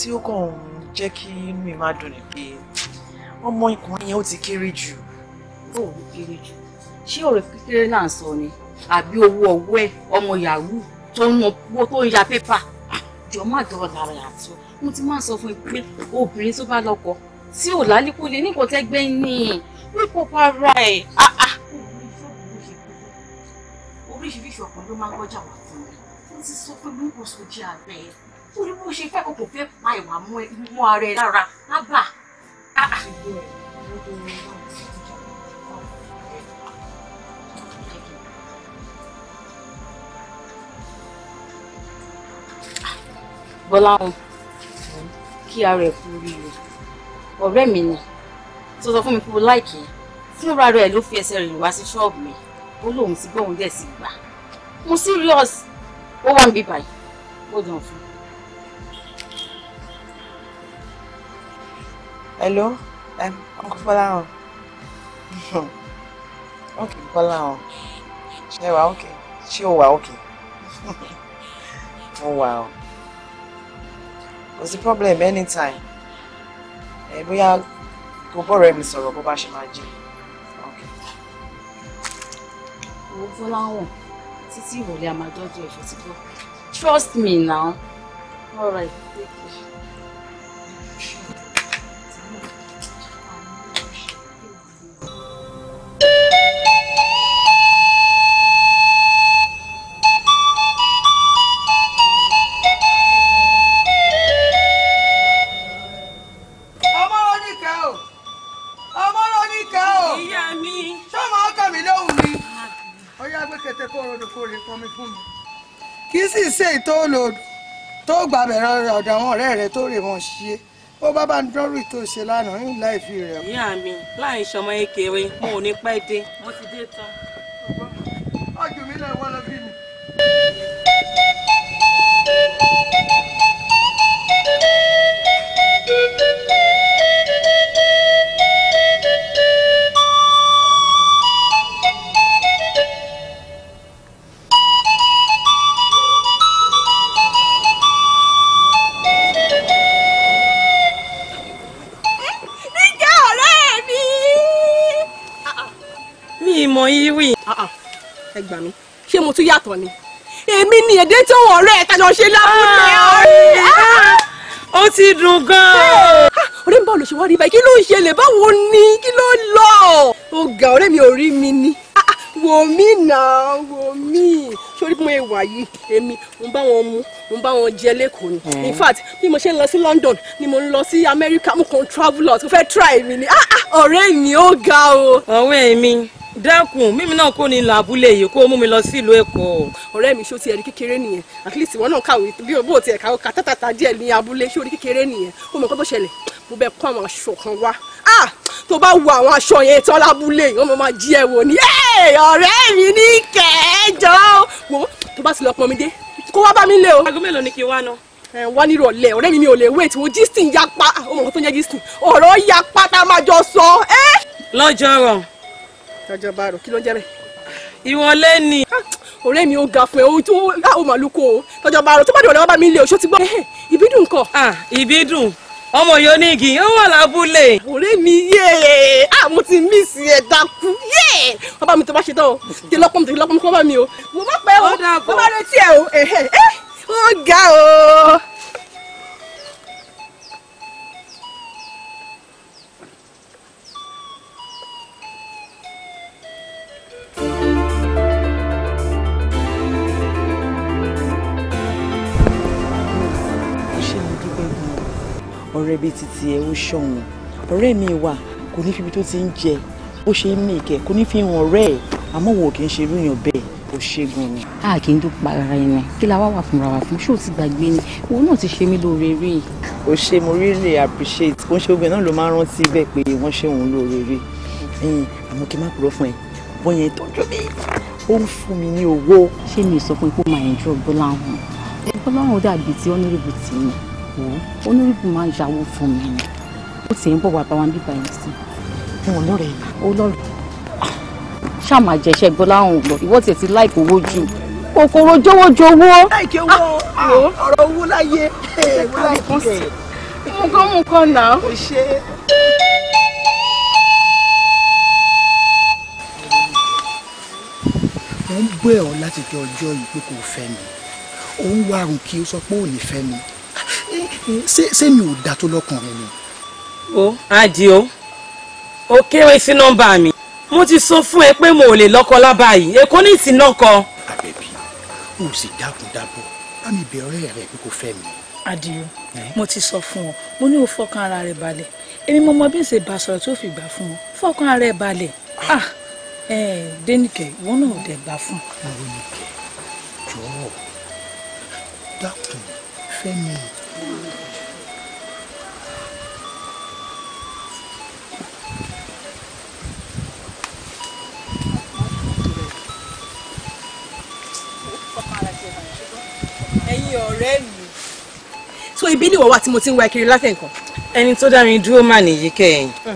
tí ó kàn ń jẹ́ kí inú mi máa dùn ni pé ọmọ ikùn yẹn ó ti kéré jù. ó ò kéré jù ṣé ọ̀rọ̀ kékeré náà sọ ni àbí owó ọwọ́ ẹ̀ ọmọ yahoo tó ń wo tó ń ya pépà ah, jọ má dọ̀rọ̀ lára àtọ́ mo ti máa sọ fún pé obìnrin tó bá lọ́kọ tí ò lálíkù lè ní kòtẹ́ gbẹ́ni wípò para ẹ̀ ah, ah. oríṣiríṣi ọkùnrin ló máa ń gbọ́jà wà fún mi mo ti sọ pé mo kò sọ jẹ́ abẹ́ fún ní bó ṣe fẹ́ kò kò fẹ́ máa ìwà mú ẹ mú ara ẹ lára lábà. Ah, ah. Bọ́láhùn kí ara ẹ̀ kú rí o ọ̀rẹ́ mi ni tó sọ fún mi pé o láìkì fúnra rẹ̀ ló fi ẹsẹ̀ rìn wá sí ṣọ́ọ̀bù mi ó lóun ti gbóhùn dẹ̀ sí gbà mo serious ó wà ń bí báyìí ó dàn fún un. hello um, uncle Fọláhàn Okay, Fọláhàn She wà okay. She o okay. Oh wow. What's the problem anytime ẹ bóyá kò bọ̀rọ̀ ẹ̀ mi sọ̀rọ̀ bó bá ṣe máa jẹ́ ok. owó Fọláhàn títí ìrọ̀lẹ́ àmàjọ́jọ́ ìfẹ̀sìkọ́ trust me now all right take care. tó lòdù tó gbàbẹ̀ ọ̀dọ̀ àwọn ọ̀rẹ́ rẹ tó rè wọ́n ṣe ó bá bá ń dọ́rù tó ṣe lánàá ní láìfi rẹ̀. ìyá mi láì ṣọmọ ekeere mo ò ní pẹ́ dé mo ti dé tán. ọjọ́ mi lè wọ́n lọ ọkọ ni èmi ni èdè tó wọ̀ ọ̀rẹ́ ẹ̀ tàjọ ṣe lábúlé ah, ọ̀rẹ́ ah, ó ti dùn gan-an. Ah, ọ̀rẹ́ mi báwo ló ṣe wá rí báyìí kí ló ń ṣẹlẹ̀ báwo ni kí ló lọ. ó ga ọ̀rẹ́ mi ò rí mi ni wò mí náà wò mí sórí mo ṣe yìí èmi mo bá wọn mu mo bá wọn jẹ lẹ́kọ̀ọ́ ni mm. in fact bí mo ṣe ń lọ sí London ni mo ń lọ sí America mo kàn travel out mo fẹ́ try mi ni ọ̀rẹ́ mi ó ga o. ọ̀wẹ́ mi dákun mímí náà kò ní lọ abúlé yìí kó mú mi lọ sílùú èkó. ọ̀rẹ́ mi ṣó ti ẹ̀rí kékeré nìyẹn at least ìwọ náà kàwé bí o bó tiẹ̀ kàwé kàtàtàtà díẹ̀ ní abúlé ṣó rí kékeré nìyẹn ó mọ̀ kó ṣẹlẹ̀ mo bẹ kó àwọn aṣọ kan wá ah! tó bá wo àwọn aṣọ yẹn tán lábúlé yìí wọ́n máa jí ẹ wò ní. ọ̀rẹ́ mi ní kẹ́ẹ̀jọ́ wo tó bá ti lọ pọn mi dé kó wá bá mi lé o. aago mélòó ni kí n wá náà wá nírọ̀lẹ́ ọ̀rẹ́ mi mi ò lè wait wo gistin yapa ọmọ kan tó ń jẹ́ gistin ọ̀rọ̀ yapa tá a máa jọ sọ. Eh? lọ́jọ́ rọ̀ ọjọ́ bá rò kí ló ń jẹ́ bẹ́ẹ̀. ìwọlé ni. ọ̀rẹ́ mi ò ga fún ẹ o tó láwọn màlúkọ o tọjọ́ bá rò tó bá dìbò lọ́wọ́ bá mi lé oṣù ti gbọ́. ìbídùn kọ. ìbídùn ọmọ yóò ní igi ó wà lábúlé. ọ̀rẹ́ mi yé àmọ́ ti miss ẹ dákú yé wọ́n bá mi tó bá ṣe tán o ti lọ́pọ̀ mi ti lọ́pọ̀ mi kọ́ bá mi o. mo bá pẹ́ o mo bá retí ẹ o ó ga o. ọ̀rẹ́ bíi titi ẹ̀ ó ṣọ̀wọ́n ọ̀rẹ́ mi wà kò ní fi tó ti ń jẹ bó ṣe ń mèkẹ́ kò ní fi hàn ọ̀rẹ́ ẹ̀ àmọ́ wò kì í ṣe irúyàn bẹ́ẹ̀ kò ṣẹ́gun ni. a kì í dúpọ̀ ara ẹni kí la wá wà fúnra wa fún ṣó ti gbàgbé ni òun náà ti ṣe mí lóore rí i. ṣe mo really appreciate kò ń ṣe obìnrin náà ló máa ń rántí bẹ́ẹ̀ pé wọ́n ṣe òun lóore rí i àmọ́ kí n má purọ́ fún ẹ bọ́ yẹn tọ́jú mi ó ń fún mi ní owó. ṣé mi sọ fún ipò máa gbọ́láhùn gbọ́láhùn dàbí ti ọ́nẹ́rẹ́bù tì mí wọ́n onírúurú máa ń yàwó fún mi ni ó sì ń bọ̀ wá bá wọn bíbá yẹn sí. wọn lọ́rẹ̀ yìí. ó lọ́rẹ̀ ṣàmà jẹsẹ gbọlá ọhún lọ ìwọ tẹ ti láìpẹ owó jù kòkòrò jọ̀wọ́jọ̀wọ́. láìpẹ owó ah, ah, ọ̀rọ̀ owó láyé owó láyé. mo kọ́ mo kọ́ náà. o ṣe é. mo ń bẹ̀ ọ́ láti jọ ọjọ́ yìí pé kò fẹ́ mi òun wá àrùn kí o sọ pé ò ní fẹ́ mi ṣé mi ò dá tó lọ́kùnrin ni. o Àdìó o kéré sí nọ́mbà mi mo ti sọ fún ẹ pé mo ò lè lọ́kọ lába yìí èkó ní ìsìn náà kọ. àbẹ̀bí o sì dákun dábọ̀ bá mi bẹ̀ ọ̀rẹ́ rẹ pé kò fẹ́ mi. Àdìó mo ti sọ fún ọ mo ní o fọkàn ara rẹ balẹ̀ èmi mo mọ bí n ṣe bá sọ̀rọ̀ tó fi gbà fún ọ fọkàn ara rẹ balẹ̀ ah, ah dénìkẹ́ ìwọ náà dẹ̀ gbà fún. dénìkẹ́ jọ̀ọ́ dákun fẹ́mi. ọ̀rẹ́ mi. so ibi ni ìwọ wà tí mo ti ń wá kiri látẹ̀kàn. ẹni tó dá mi dúró mà nìyí kẹyìn. Hm.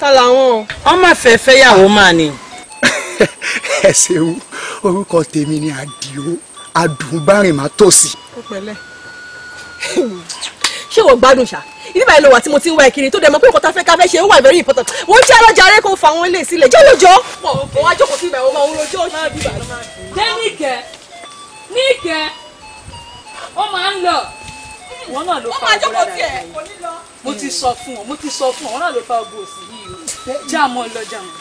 ta làwọn. ọmọ àfẹ́fẹ́ yàwó mà ni. ẹ ṣeun orúkọ tèmi ni àdìo adùnbárìmátòsí. ó pẹ̀lẹ́ ṣé wọ́n gbádùn ṣá ibi báyìí ló wà tí mo ti ń wá ìkiri tó dẹ̀ mọ́ pé nǹkan tá a fẹ́ ká fẹ́ ṣe ń wà very important wọ́n jẹ́ ọlọ́jà aré kò fà wọ́n lè sílẹ̀ jẹ́ lójó. wọ́n wá jókòó sí ibẹ̀ wọ́n máa ń rojọ́ ṣe é níkẹ́ ó máa ń lọ wọn náà ló fa ogun rárá rẹ mo ti sọ fún ọ mo ti sọ fún ọ wọn náà ló fa ogun òsì yìí o já mọ lọ já mọ.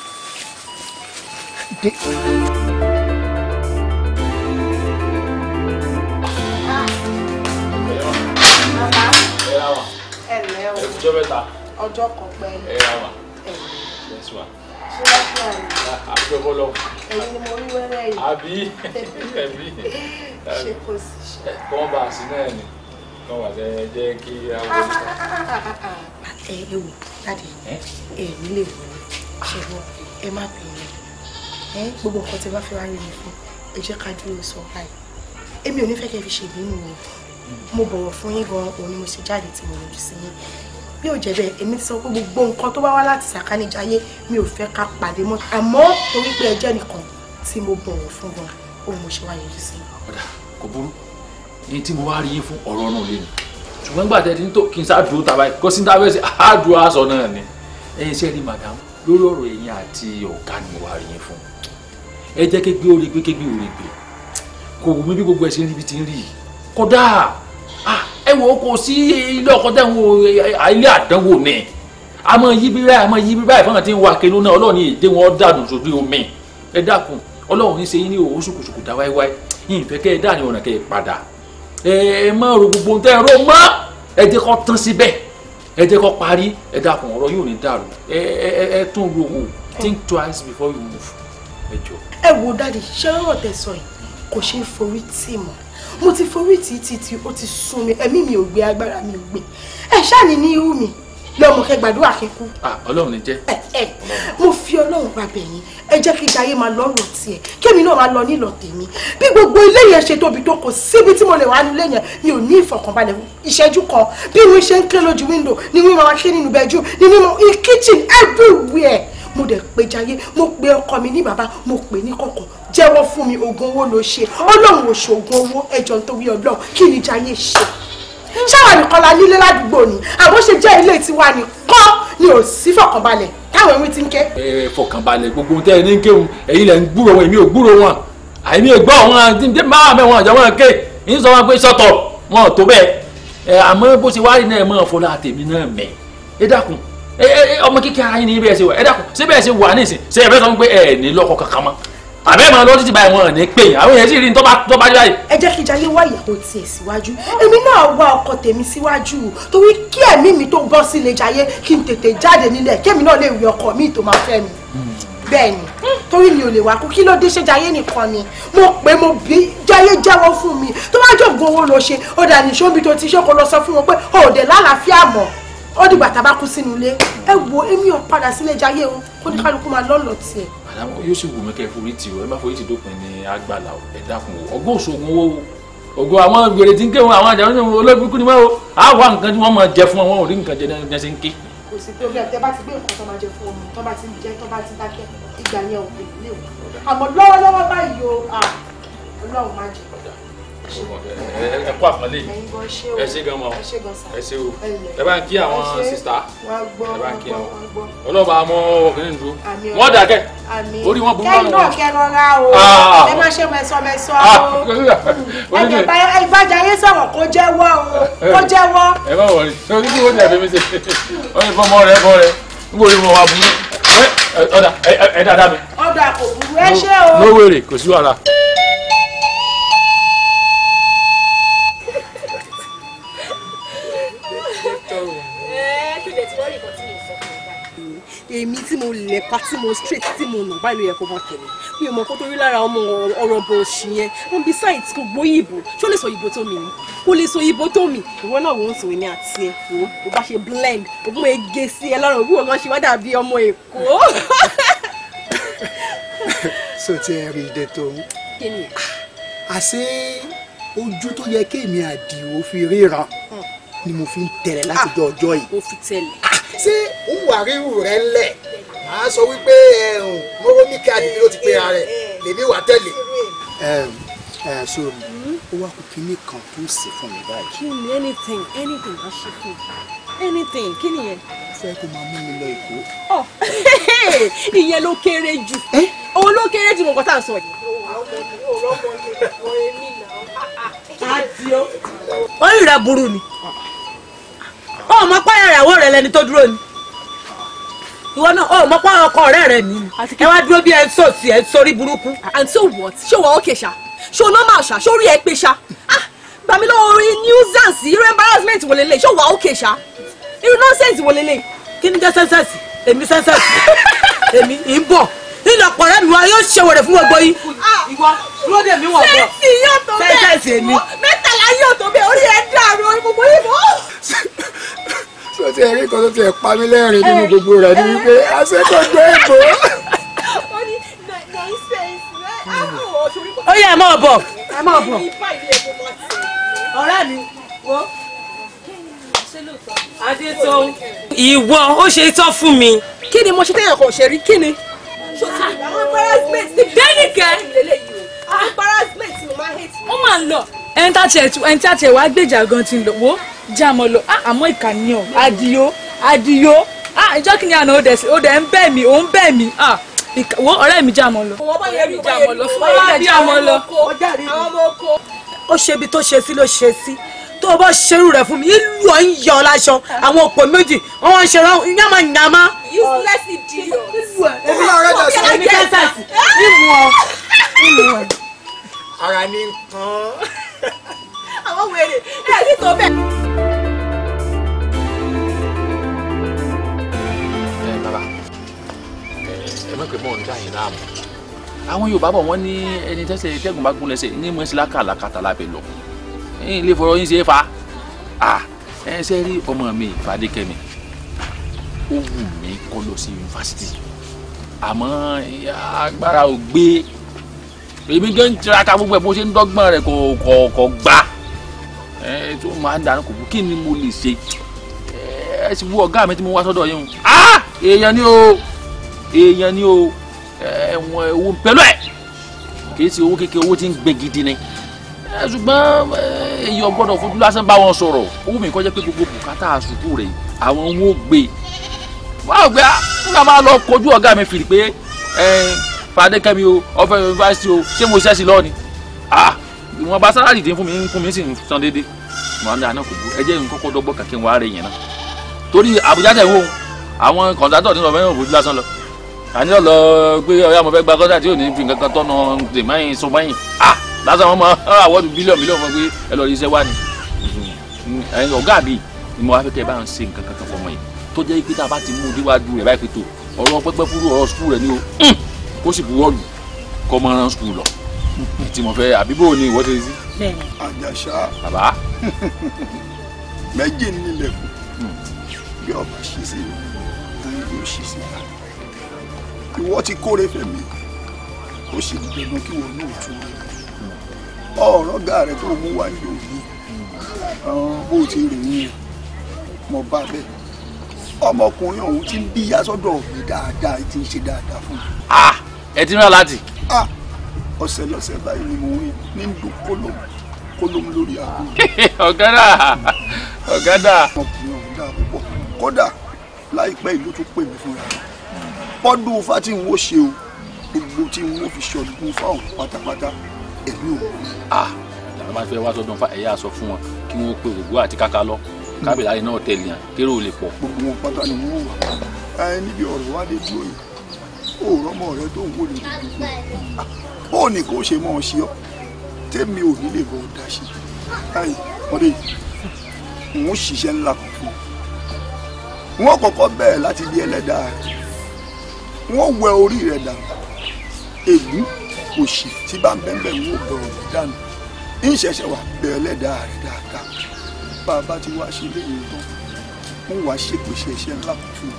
ọjọ́ kan pẹ́ẹ́lí àjọkọlọ àbí ẹbí ṣe kò sí ṣe. kọ́ bá a sí náà ni kọ́ wà lẹ́ jẹ́ kí a wọ. ẹ ẹ wò láti ẹ nílé wò o hmm. mo bọ̀wọ̀ fún yín gan-an òun bí ò jẹ́ bẹ́ẹ̀ èmi ti sọ pé gbogbo nǹkan tó bá wá láti sàkánìjáyé mi ò fẹ́ ká pàdé mọ́ àmọ́ torí pé ẹjẹ́ nìkan tí mo bọ̀wọ̀ fún wọn òun mo ṣe wá yọjú sí. ọ̀dà kò burú ní tí mo wá rí yín fún ọ̀rọ̀ náà lé ni ṣùgbọ́n nígbà tẹ́tí ní tó kí n sá dúró tàbá yìí kó sí ní tábẹ́sì àádùn aṣọ náà ni ẹ̀yin iṣẹ́ rí madam lórí ọ̀rọ̀ ẹ̀yin àti ọ̀gá ni mo wá rí yín fún ẹ jẹ́ kégbé orí gbé kégbé orí gbé kò wù mí bí gbogbo ẹ̀ ṣe ń rí bí ti ń rí kódà ẹ wò ó kò sí ilé ọkọ tẹ̀ ń wo ilé àdánwò ni a máa yí bí báyìí a máa yí bí báyìí fún àwọn tí ń wa kelu náà ọlọ́run yìí dé wọn dànù sójú omi ẹ dákun ọlọ́run ní ṣe yín ní òwò ṣùkùṣùkù dá wáíwáí yìí fẹ́ kẹ́ ẹ dá ní ọ̀nà kẹ́ ẹ padà ẹ má ro gbogbo ohun tẹ́ ẹ rò mọ́ ẹ jẹ́ kó tán síbẹ̀ ẹ jẹ́ kó parí ẹ dákun ọ̀rọ̀ yóò ní dàrú ẹ ẹ ẹ tún ro wò think twice before you move ẹ jọ. ẹ wo dáàdi ṣé ọ̀rọ̀ tẹ́ sọ yìí kò ṣeé forí tì mọ́ mo ti forí títí ó ti sún mi ẹ̀mí mi ò gbé agbára mi ò gbé ẹ̀ ṣáà ní ní mi lọmọ kẹ gbàdúrà kí n kú. ọlọ́run ni jẹ́. mo fi ọlọ́run gba bẹ̀yìn ẹ jẹ́ kí jayé máa lọ́rùn tiẹ̀ kémi náà máa lọ nílọ tèmi bí gbogbo ilé yẹn ṣe tóbi tó kò síbi tí mo lè wá nílé yẹn mi ò ní ìfọ̀kànbalẹ̀ ìṣẹ́jú kan bí mo ṣe ń ké wíńdò ni mo máa ké nínú bẹ́jú ni mo in kitchen everywhere mo dẹ̀ pé mo pe ọkọ mi ní bàbá mo pè ní kọ̀kọ̀ jẹ́wọ́ fún mi oògùn owó ló ṣe ọlọ́run ò ṣe owó ẹjọ́ nítorí ọlọ́run kí ni jayé ṣe ṣáwa nìkan la nílé ládùúgbò ni àbó ṣe jẹ́ ilé tiwa nìkan ni ò sí fọkànbalẹ̀ táwọn ewé ti ń ké. ẹ fọkànbalẹ̀ gbogbo tẹ ẹ ní kéwù ẹ̀yin lẹ ń gbúrò wọn èmi ò gbúrò wọn àìmí ò gbọ́ wọn àti máa mẹ́wọn àjọ wọn ké ń sọ wọn pé sọ́tọ̀ wọn ò tó bẹ́ẹ̀ àmọ́ bó ṣe wá rí náà mọ́ ọ̀fọ́lá tèmi náà mẹ́ ẹ dákun Eh, eh, eh, ọmọ kíkẹ́ ara yín ní bẹ́ẹ̀ ṣe wà ẹ dákun ṣé bẹ́ẹ̀ ṣe wà nísìn ṣe ẹ̀fẹ́ sọ pé ẹ ní lọ́kọ kankan mọ́ àbẹ́ máa lọ títí báyìí wọn ní pé àwọn èèyàn sì rí tó bá tó bá dé báyìí. ẹ jẹ́ kí jayé wá ìyàwó tiẹ̀ síwájú èmi náà wá ọkọ tèmi síwájú torí kí ẹ̀mí mi tó bọ́ sílé jayé kí n tètè jáde nílẹ̀ kémi náà lè wí ọkọ mi tó máa fẹ́ mi bẹ́ẹ̀ ni torí mi ò lè wá kú kí ló dé ṣe jayé nìkan ni mo pé mo bí jayé jẹ́wọ́ fún mi tó bá jòògùn owó lọ ṣe ó dà ní ṣóńbi tó ti ṣe kó lọ sọ fún wọn pé òòdè lálàáfíà ó dìgbà tá a bá kú sínú ilé ẹ wo èmi ò padà sílé jayé o kó ní kálukú máa lọ́ọ̀lọ́ tiẹ̀. àdàmú yóò sì wù mí kẹ́ ẹ forí tì o ẹ má forí tì dópin ní àgbàlá o ẹ dákun o ọgbọ́n òṣogùn owó o ògùn àwọn gbèrè tí ń ké wọn àwọn àjàwọn ní olóògbé ni wọn o á wá nǹkan tí wọn máa jẹ fún wọn ò rí nǹkan jẹ ní ẹsẹ ń ké. kò sí pé bí ẹ bá ti gbé nǹkan tó máa jẹ fún ọmọ tó bá ti jẹ tó bá ti dákẹ́ ìgbà yẹn ò lè lè o àmọ́ lọ́wọ́lọ́wọ́ báyìí o Ọlọ́run máa jẹ ẹ kú àpọ́nlé ẹ ṣé gan mọ́ ẹ ṣé o ẹ bá ń kí àwọn sista ẹ bá ń kí àwọn ọlọ́ba àmọ́ ọkùnrin dúró wọ́n dàkẹ́ orí wọn burú lọ́nà wọn. kẹ́hìn náà kẹ́ran ra o ah, ah, ah. ẹ má ṣe mẹ́sọ̀mẹ́sọ̀ o ẹ̀jẹ̀ ìbájà yé sọ̀rọ̀ kó jẹ́wọ́ o kó jẹ́wọ́. ẹ má wọrí orí kí wọ́n ní àbẹ̀mí ṣe ọ ní fọmọ rẹ bọ rẹ nígbòrí wọn wà burú ọ̀dà ẹ̀ mi. ọ̀dà kò èmi tí mo lẹ̀ pa tí mo straight tí mo nà báyìí ló yẹ kó bá tẹ̀lé mi ò mọ kó tó lára ọmọ ọ̀rọ̀ bọ̀ òṣì yẹn and besides kò gbọ́ ìbò ṣó lè sọ ìbò tó mi ni kò lè sọ ìbò tó mi ìwọ náà wò ó sọ èmi àti ẹ wò ó bá ṣe blend ògùn ege sí ẹ lọ́rùn òwúrọ̀ kan ṣe wá dàbí ọmọ èkó. so ti ẹ rí ìdè tó ń. kí ni. àṣé ojú tó yẹ kéèmí àdìo fi ríran hmm. ni mo fi ń tẹ̀lé látijọ́ ah, ọjọ́ yìí. mo fi tẹ̀lé ṣé ń wà ríru rẹ ńlẹ̀ màá sọ wípé mọ́rọ́míkà àdìgbò ló ti pe ara rẹ̀ lèmi wà tẹ̀lé. sórí ó wá kó kinní kan tó ń sè fún mi báyìí. kí ni anything anything á ṣe fún anything kí nìyẹn. ó fẹ́ kó máa mú mi lọ èkó. ọ oh, ìyẹn ló kéré jù òun ló kéré jù nǹkan tá à ń sọ yìí. ó rí ra burú ni. Ah, ó mọ pé ìyàwó rẹ lẹni tó dúró ni ìwọ náà ó mọ pé ọkọ ọ̀rẹ́ rẹ ni ẹ wá dúró bí ẹ ń sòsì ẹ ń sórí burúkú. and so what ṣé wọ́n ókè ṣá ṣé o normal ṣá ṣé orí ẹ pé ṣá ah gbàmí lọ́wọ́ orí nuisance irú embarrassment wò lélẹ̀ ṣé wọ́n ókè ṣá irú nonsense wò lélẹ̀. kí ni jẹ́ sẹ́ńsẹ̀sì èmi sẹ́ńsẹ̀sì èmi ì ń bọ̀ nílọpọ̀ ọ̀rẹ́ mi wá yóò ṣe wèrè fún gbogbo yín. Ah, ìwọ lóde mi wọ̀ bọ̀ sẹ́ẹ̀sì yóò tó bẹ́ẹ̀ sẹ́ẹ̀sì èmi. mẹ́tàlá yóò tó bẹ́ẹ̀ orí ẹ̀ dàrú orí gbogbo yìí mọ́. tó ti ẹ̀rí kan tó ti ẹ̀ pa mí lẹ́rìn nínú gbogbo rẹ̀ ni wípé aṣẹ́kọ̀ọ́gbẹ́ ìbò. ó hmm. ah, oh, oh, yẹ ẹ máa bọ̀ ẹ máa bọ̀ ọ̀rẹ́ mi wo adétọ́ ìwọ ó ṣe tán fún mi. kí ni mo ṣe téèyàn kò ṣe rí kí ni ṣòtì àwọn embarrassment ní dẹ́nìkẹ́ embarrassment mo máa hate. ó máa ń lọ ẹni tá tiẹ̀ tu ẹni tá tiẹ̀ wá gbèjà gan ti ń lọ wo já mọ́ lọ ah, àmọ́ ìkà ni ọ adìyó adìyó ìjọ kìíní àná ó dẹ̀ ń bẹ̀ mí ó ń bẹ̀ mí ah, wo ọ̀rẹ́ mi já mọ́ lọ. ọ̀rẹ́ mi já mọ́ lọ fún mi já mọ́ lọ. ó ṣe ibi tó ṣe sí ló ṣe sí tó o bá ṣerú rẹ̀ fún mi ìlú ọ̀hún yọ ọ láṣọ àwọn òpó méjì wọ́n wọ́n ń ṣe rán yàmà yàmà. useless idiot. èmi náà rẹ̀ jọ sí ẹni kẹ́sàsì ìmú ọ ìmú ọ. ara ní nǹkan. àwọn wèrè ẹ̀ sì tó bẹ́ẹ̀. ẹ bàbá ẹ mọ̀ pé mò ń dá yín láàmú àwọn Yorùbá bọ̀ wọ́n ní ẹni tẹ́sẹ̀ tẹ́gùn bá gún lẹ́sẹ̀ ní mọ̀ ẹ́ sí lákàlàkàtà lábẹ́ lọ yín lè fọ̀rọ̀ yín ṣe é fa ẹ ṣe rí ọmọ mi Fadékẹ́mi ó wù mí kó lọ sí yunifásitì àmọ́ agbára ò gbé èmi gan tiraka gbogbo ẹ̀ bó ṣe ń dọ́gbọ́n rẹ̀ kò kò kò gbà ẹ tó máa ń dànù kò kí ni mo lè ṣe ẹ sì wú ọ̀gá mi tí mo wá sọ́dọ̀ yín o èèyàn ni o èèyàn ni o ẹ̀wọ̀n ewu pẹ̀lú ẹ̀ kì í ṣe owó kékeré owó tí ń gbẹ gidi ni. Eh, ṣùgbọ́n eh, èyí ọgbọ́dọ̀ fojú lásán bá wọn sọ̀rọ̀ owó mi kọ́ jẹ́ pé gbogbo bùkátà sùkúù rẹ̀ àwọn ń wò gbé wọn ò gbé nígbà máa lọ kojú ọ̀gá mi fìrì pé eh, fàdékẹ́mi o ọ̀fẹ́ yunifásitì o ṣé mo ṣẹ́sì lọ́ọ̀ni ah, ìwọ̀n bá sálárì dín fún mi fún mi sì ń san déédé wọn ní àná kò bú ẹ jẹ́ n kọ́kọ́ dọ́gbọ́ kàkí wọn á rè yẹn náà torí Àbújá tẹ̀ ń wò àwọn kọ̀ǹtátọ̀ ní ọ̀fẹ́ yóò fojú lásán lọ àní lọ́ọ́ gbé ọ̀yà mo fẹ́ gba kọ́ńtà tí ò ní fi nǹkan kan tọ́nu tèmáyìn sọmáyìn ah lásán wọn mọ àwọdù bílíọ̀nù bílíọ̀nù fún pé ẹ lọ rí iṣẹ́ wá ni ẹyin ọ̀gá mi ni mo wá fẹ́ kẹ́ ẹ bá ń ṣe nǹkan kankan fọmọ yẹn tó jẹ́ pé tá a bá ti mú un déwájú rẹ̀ báyìí pé tó ọ̀rọ̀ pẹ́pẹ́ fúru ọ̀rọ̀ skul rẹ̀ ni o hmm, kó sì buwọ́ lù kọ́ mọ́ rán skul lọ tí mo fẹ́ àbíbò ni ìwọ́ ṣe sí. àjàṣà bàbá méjì nílẹ̀kùn hmm. bí ọba ṣe sí tán yóò ṣe sí ta ìwọ ó sì dẹnu kí wọn ní òtún rẹ ọ̀rọ̀ gà rẹ tó mú wáyé òní bó ti rè ń mọ bá bẹ́ẹ̀ ọmọkùnrin ọ̀hún ti ń bí ya mi dáadáa ti ń ṣe dáadáa fún mi. ẹ ti rán láti. ọ̀sẹ̀ lọ́sẹ̀ báyìí ni mo rí ní ìlú kólómù kólómù lórí àgbo. ọ̀gádà ọ̀gádà. ọmọkùnrin ọ̀hún dáa púpọ̀ kódà láìpẹ́ ìlú tún pè mí fúnra rẹ̀ bọ́dún fati ń wó ṣe o gbogbo tí n fi ṣọdún fáwọn pátápátá èmi ò rí. àwọn bá fẹ́ wá sọ́dún fa ẹ̀yà sọ fún wọn kí wọ́n pe ògùn àti kàkà lọ kábìlà yìí náà tẹ̀lé hàn kéré ò lè pọ̀. gbogbo wọn pátá ni wọn wà ẹ níbi ọ̀rọ̀ wa dé dúró yìí ó rọmọ rẹ tó ń wò lè dúdú bó ní kó ṣe mọ́ ọ ṣe ọ tèmi ò ní lè bọ́ ọ dá ṣe báyìí wọ́n dé n ó ṣiṣẹ́ ńlá kan fún un bẹ̀rẹ̀ láti bí ẹlẹ́dàá rẹ̀ wọ́n wẹ orí rẹ̀ dànù ègún òṣì tí bá ń bẹ́ẹ̀ bẹ́ẹ̀ wò bẹ̀rù rẹ̀ dànù ìṣẹ̀ṣẹ̀ wà bẹ̀rẹ̀ lẹ́dàá rẹ̀ dáadáa bá a bá ti wá ṣe léyìn tán mo wá ṣèpèsè iṣẹ́ ńlá tuntun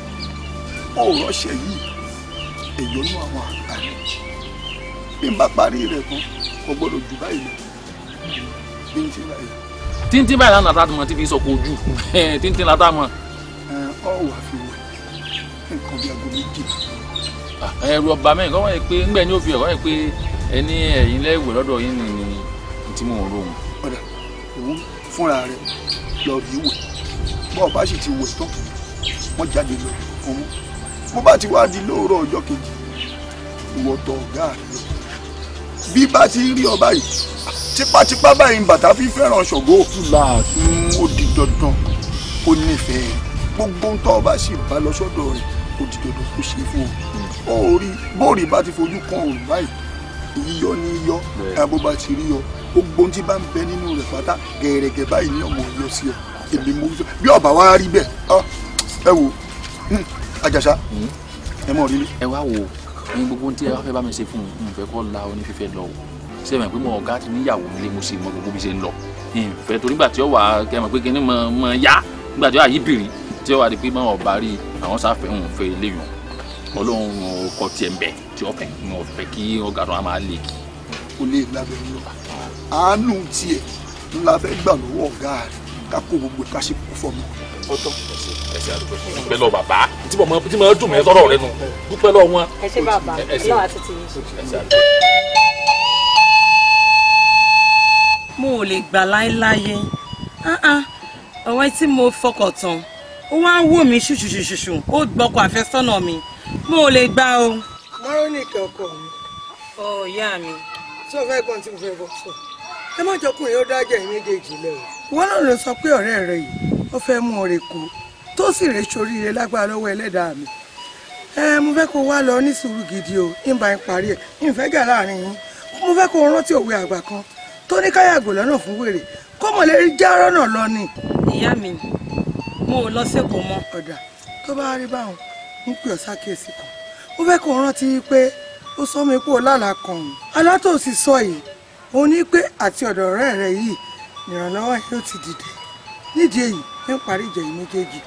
ọ̀rọ̀ ṣẹ̀ yìí èyí nú àwọn àgbà rẹ̀ bí n bá parí rẹ̀ kan kò gbọ́dọ̀ jù báyìí lọ bí n ti báyìí. tíntín báyìí lánàá tá a ti tí fi sọ kò tíntín la tá a wà fi wẹ̀ nǹkan bí aago méjì ẹ̀rù ọba mẹ́rin kọ́ wọ́n yẹ pé ńgbẹ́ ni ó fi ẹ̀kọ́ yẹ pé ẹni ẹ̀yin lẹ́wẹ̀ lọ́dọ̀ yín ni tí mò ń rohùn. ọ̀dà òun fúnra rẹ̀ lọ rí wẹ̀ bọ́ ọba sì ti wẹ̀ tán wọ́n jáde lọ òun bó bá ti wá di lóòrọ̀ ọjọ́ kejì ìwọ tọ ọ̀gá rẹ̀ bí bá ti rí ọba yìí tipátipá báyìí bàtà fi fẹ́ràn ṣògo òkú là ó dandan ó nífẹ̀ẹ́ gbogbo ń tọ́ ọba sì bá lọ sọ́dọ̀ rẹ̀ ó dandan kó ṣe fún ọ orí bóòrì bá ti fojú kan òòrùn báyìí yíyọ ní yíyọ àbó bá ti rí yọ gbogbo ohun tí bá ń bẹ nínú rẹ pátá gẹ̀rẹ́gẹ̀ báyìí ní ọmọ yọ sí ọ èmi mo sọ bí ọba wa rí bẹ ẹ wo hmm, àjàṣà hmm? ẹ mọ rírí. ẹ wá wo ní gbogbo ohun tí ẹ wá fẹ́ bá mi ṣe fún un fẹ́ kọ́ la oní fífẹ́ lọ o ṣe mọ̀ pé mo ọ̀gá ti níyàwó nílé mo sì mọ gbogbo bí ṣe ń lọ ìfẹ́ torí gbà tí ó wà kẹmọ̀ pé kíní mọ̀ yá gbà tí ó wà yí bìrì tí ó wà di pé mọ̀ ọ̀bá rí àwọn sáfẹ́ òun fẹ́ léyìn ọlọ́run ọkọ tiẹ̀ ń bẹ tí ó fẹ́ ń fẹ́ kí ọ̀gá tó a máa lè kí. kò lè lábẹ́ mi wá àánú tiẹ̀ ń la fẹ́ gbà lọ́wọ́ ọ̀gá rẹ̀ ká kó gbogbo ká ṣe kú fọ́ ọtọ ẹsẹ àdúgbò fún dúpẹ́ lọ bàbá tí mo ti máa dùn mí sọ̀rọ̀ rẹ nù dúpẹ́ lọ wọn. ẹ bàbá ọlọ́wà ti ti yín. mo ò lè gbà láéláyé ọ̀wẹ́ tí mo fọkàn tán ó wá ń wò mí ṣùṣùṣùṣù ó gbọ́kọ̀ àfẹ́sọ́nà mi mo lè gbà o. mọ́rọ́ ní ìkẹ́ ọkọ mi. ọ ìyá mi. tí o fẹ́ gbọ́n tí mo fẹ́ bọ́ sọ ẹ má jọkùnrin ó dájẹ́ méjèèjì lẹ o. wọ́n náà ló sọ pé ọ̀rẹ́ rẹ yìí ó fẹ́ mú ọ̀rẹ́ kú tó sì rè soríire lágbára lọ́wọ́ ẹlẹ́dàá mi. ẹ mo fẹ́ kó wá lọ ní sùúrù gidi o ìbá ń parí ẹ̀ ìfẹ́ gà láàrin yín mo fẹ́ kó rántí òwe àgbà kan tó ní káyàgò lọ́nà fún wèrè kó mọ̀ lè rí járọ́ náà lọ ni. ìyá mi mo ò lọ sẹ́kọ̀ọ́ mọ́. ọ̀dà tó bá rí báwọn ń pè ọ́ sákèsí kan ó fẹ́ kó rántí pé ó sọ mi pé lálàá kan alátòsí sọ yìí òun ní pé àti ọ̀dọ̀ ọ̀rẹ́ rẹ yìí ìrànlọ́wọ́ yóò ti dìde nídìí èyí ẹ parí ìjà yìí méjèèjì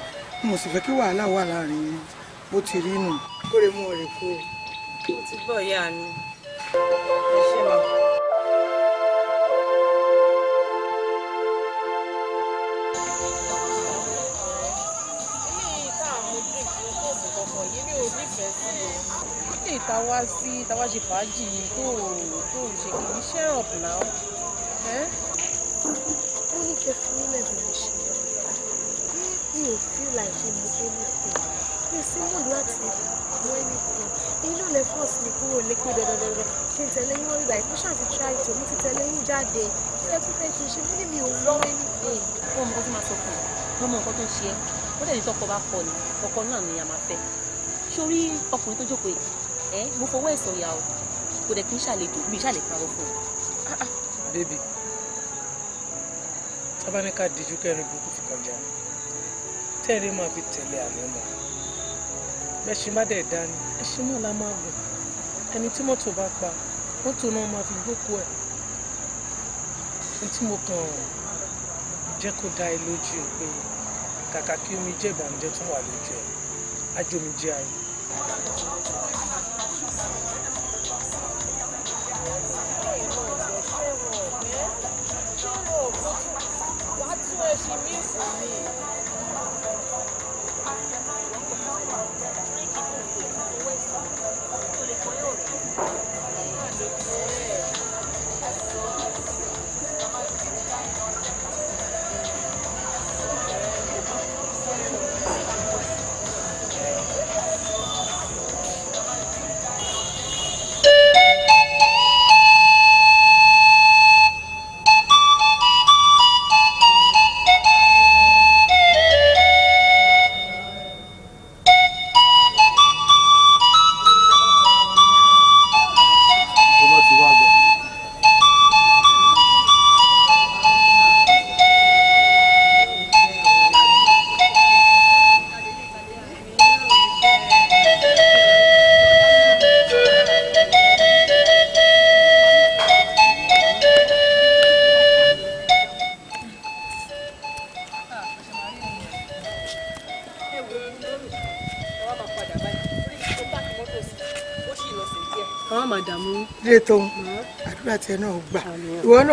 mo sì fẹ́ kí wàhálà wà láàrin yín bó ti rí nù. kórè mú ọ̀rẹ́ kú mo ti bọ̀ ìyá mi ẹ ṣe máa. ta wá sí ta wá ṣe fàájì yìí tó tó ṣe kì í ṣẹ́rọ̀ náà. ó ní kí ẹ fún mi lẹ́nu lè ṣe mi ò feel like ṣe mo anything mi ò sí mood láti mo anything èyí ló lè force mi kúrò lékè dandandandan kí n tẹ̀lé yín wọ́n rí báyìí kó ṣáà ti try to mo ti tẹ̀lé yín jáde kí ẹ tún fẹ́ kí n ṣe mo ní mi ò lọ anything. wọ́n mú kó tún máa sọ fún un wọ́n mú nǹkan tó ń ṣe é ó dẹ̀ ní tọkọ bá kọ ni ọkọ náà ni a máa fẹ́ sórí ọkùnrin tó jókòó yìí ẹ eh, mo fowó ẹ̀ sọ̀yà o kò dẹ̀ kí n ṣàlejò mi ṣàlẹ̀ parọ́ fún un. Ah, ah, bébì tábánikà díjú kẹrin burúkú fi kọjá tẹ́ẹ̀rẹ́ máa fi tẹ̀lé àná mọ́ bẹ́ẹ̀ ṣe má dẹ̀ dání ẹṣin náà la máa gùn ẹni tí mọ́tò bá pa mọ́tò náà máa fi gbókò ẹ̀ ní tí mo kàn jẹ́ kó dá ẹ lójú pé kàkà kí omi jẹ́ ìbànújẹ́ tó wà lójú ẹ̀ ájò jẹ́ ayé.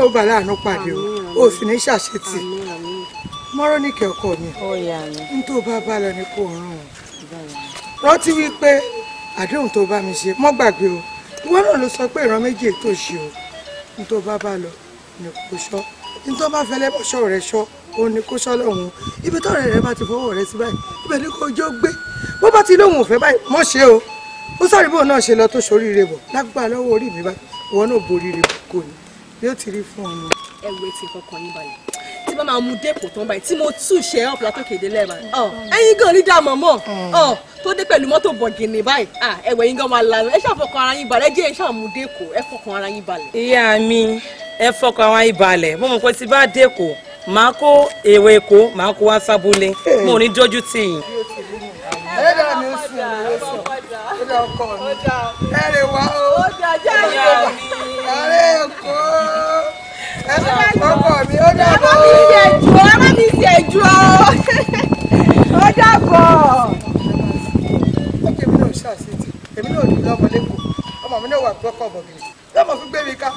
ó bá láàánú pàdé o ò sì ní ṣàṣetì mọ́rọ́ ní kẹ́kọ̀ọ́ mi n tó bá bá lọ ni kò rán o rántí wípé àdéhùn tó bá mi ṣe mọ́ gbàgbé o ìwọ náà ló sọ pé ìran méjì tó ṣe o n tó bá bá lọ ni kò ṣọ́ n tó bá fẹlẹ́ bọ́ṣọ́ rẹ ṣọ́ òun ni kò ṣọ́ lọ́hùn ibi tọ́rẹ̀ rẹ bá ti fọwọ́ rẹ sí báyìí ibẹ̀ ni kò jó gbé bó bá ti lóhùn òfẹ́ báyìí mọ́ ṣe o ó sáré bóun náà ṣe lọ tó ṣoríire bọ̀ lágbára lọ́wọ́ orí mi báyìí ìwọ náà borí rẹ kò ní yóò ti rí fún ọmọ. ẹ wo etí kankan yín balẹ̀ tí bá máa mú dépò tán báyìí tí mo túṣe ọ́ pàtó kéde lẹ́ẹ̀ma ọ ẹ̀yin gan ní dààmú mọ́ mm. ọ tó dé pẹ̀lú mọ́tò bọ̀gìnì báyìí ẹ̀wẹ̀ yín gan máa lanu ẹ ṣàfọkàn ara yín balẹ̀ ẹ jẹ́ ẹ ṣàmú dépò ẹ fọkàn ara yín balẹ̀. ìyá mi ẹ fọkàn ara yín balẹ̀ mo mọ̀ pé tí bá dépò máa kó èrò èkó máa kó wá mo ní dójú tì yín. ẹ dà mí ó sùn ó sùn ó dà ọkọ mi ẹ rè wá o ó dà jẹ́ ìyá mi ọkọ mi ó dàbọ̀. ọmọ mi ṣe jù ọ ọmọ mi ṣe jù ọ ó dàbọ̀. ọkọ mi náà ṣàṣetì èmi náà ò ní lọ́mọ lẹ́kọ̀ọ́ ọmọ mi náà wà gbọ́kọ̀ bọ̀gìrì lọ́mọ fi gbé mi ká.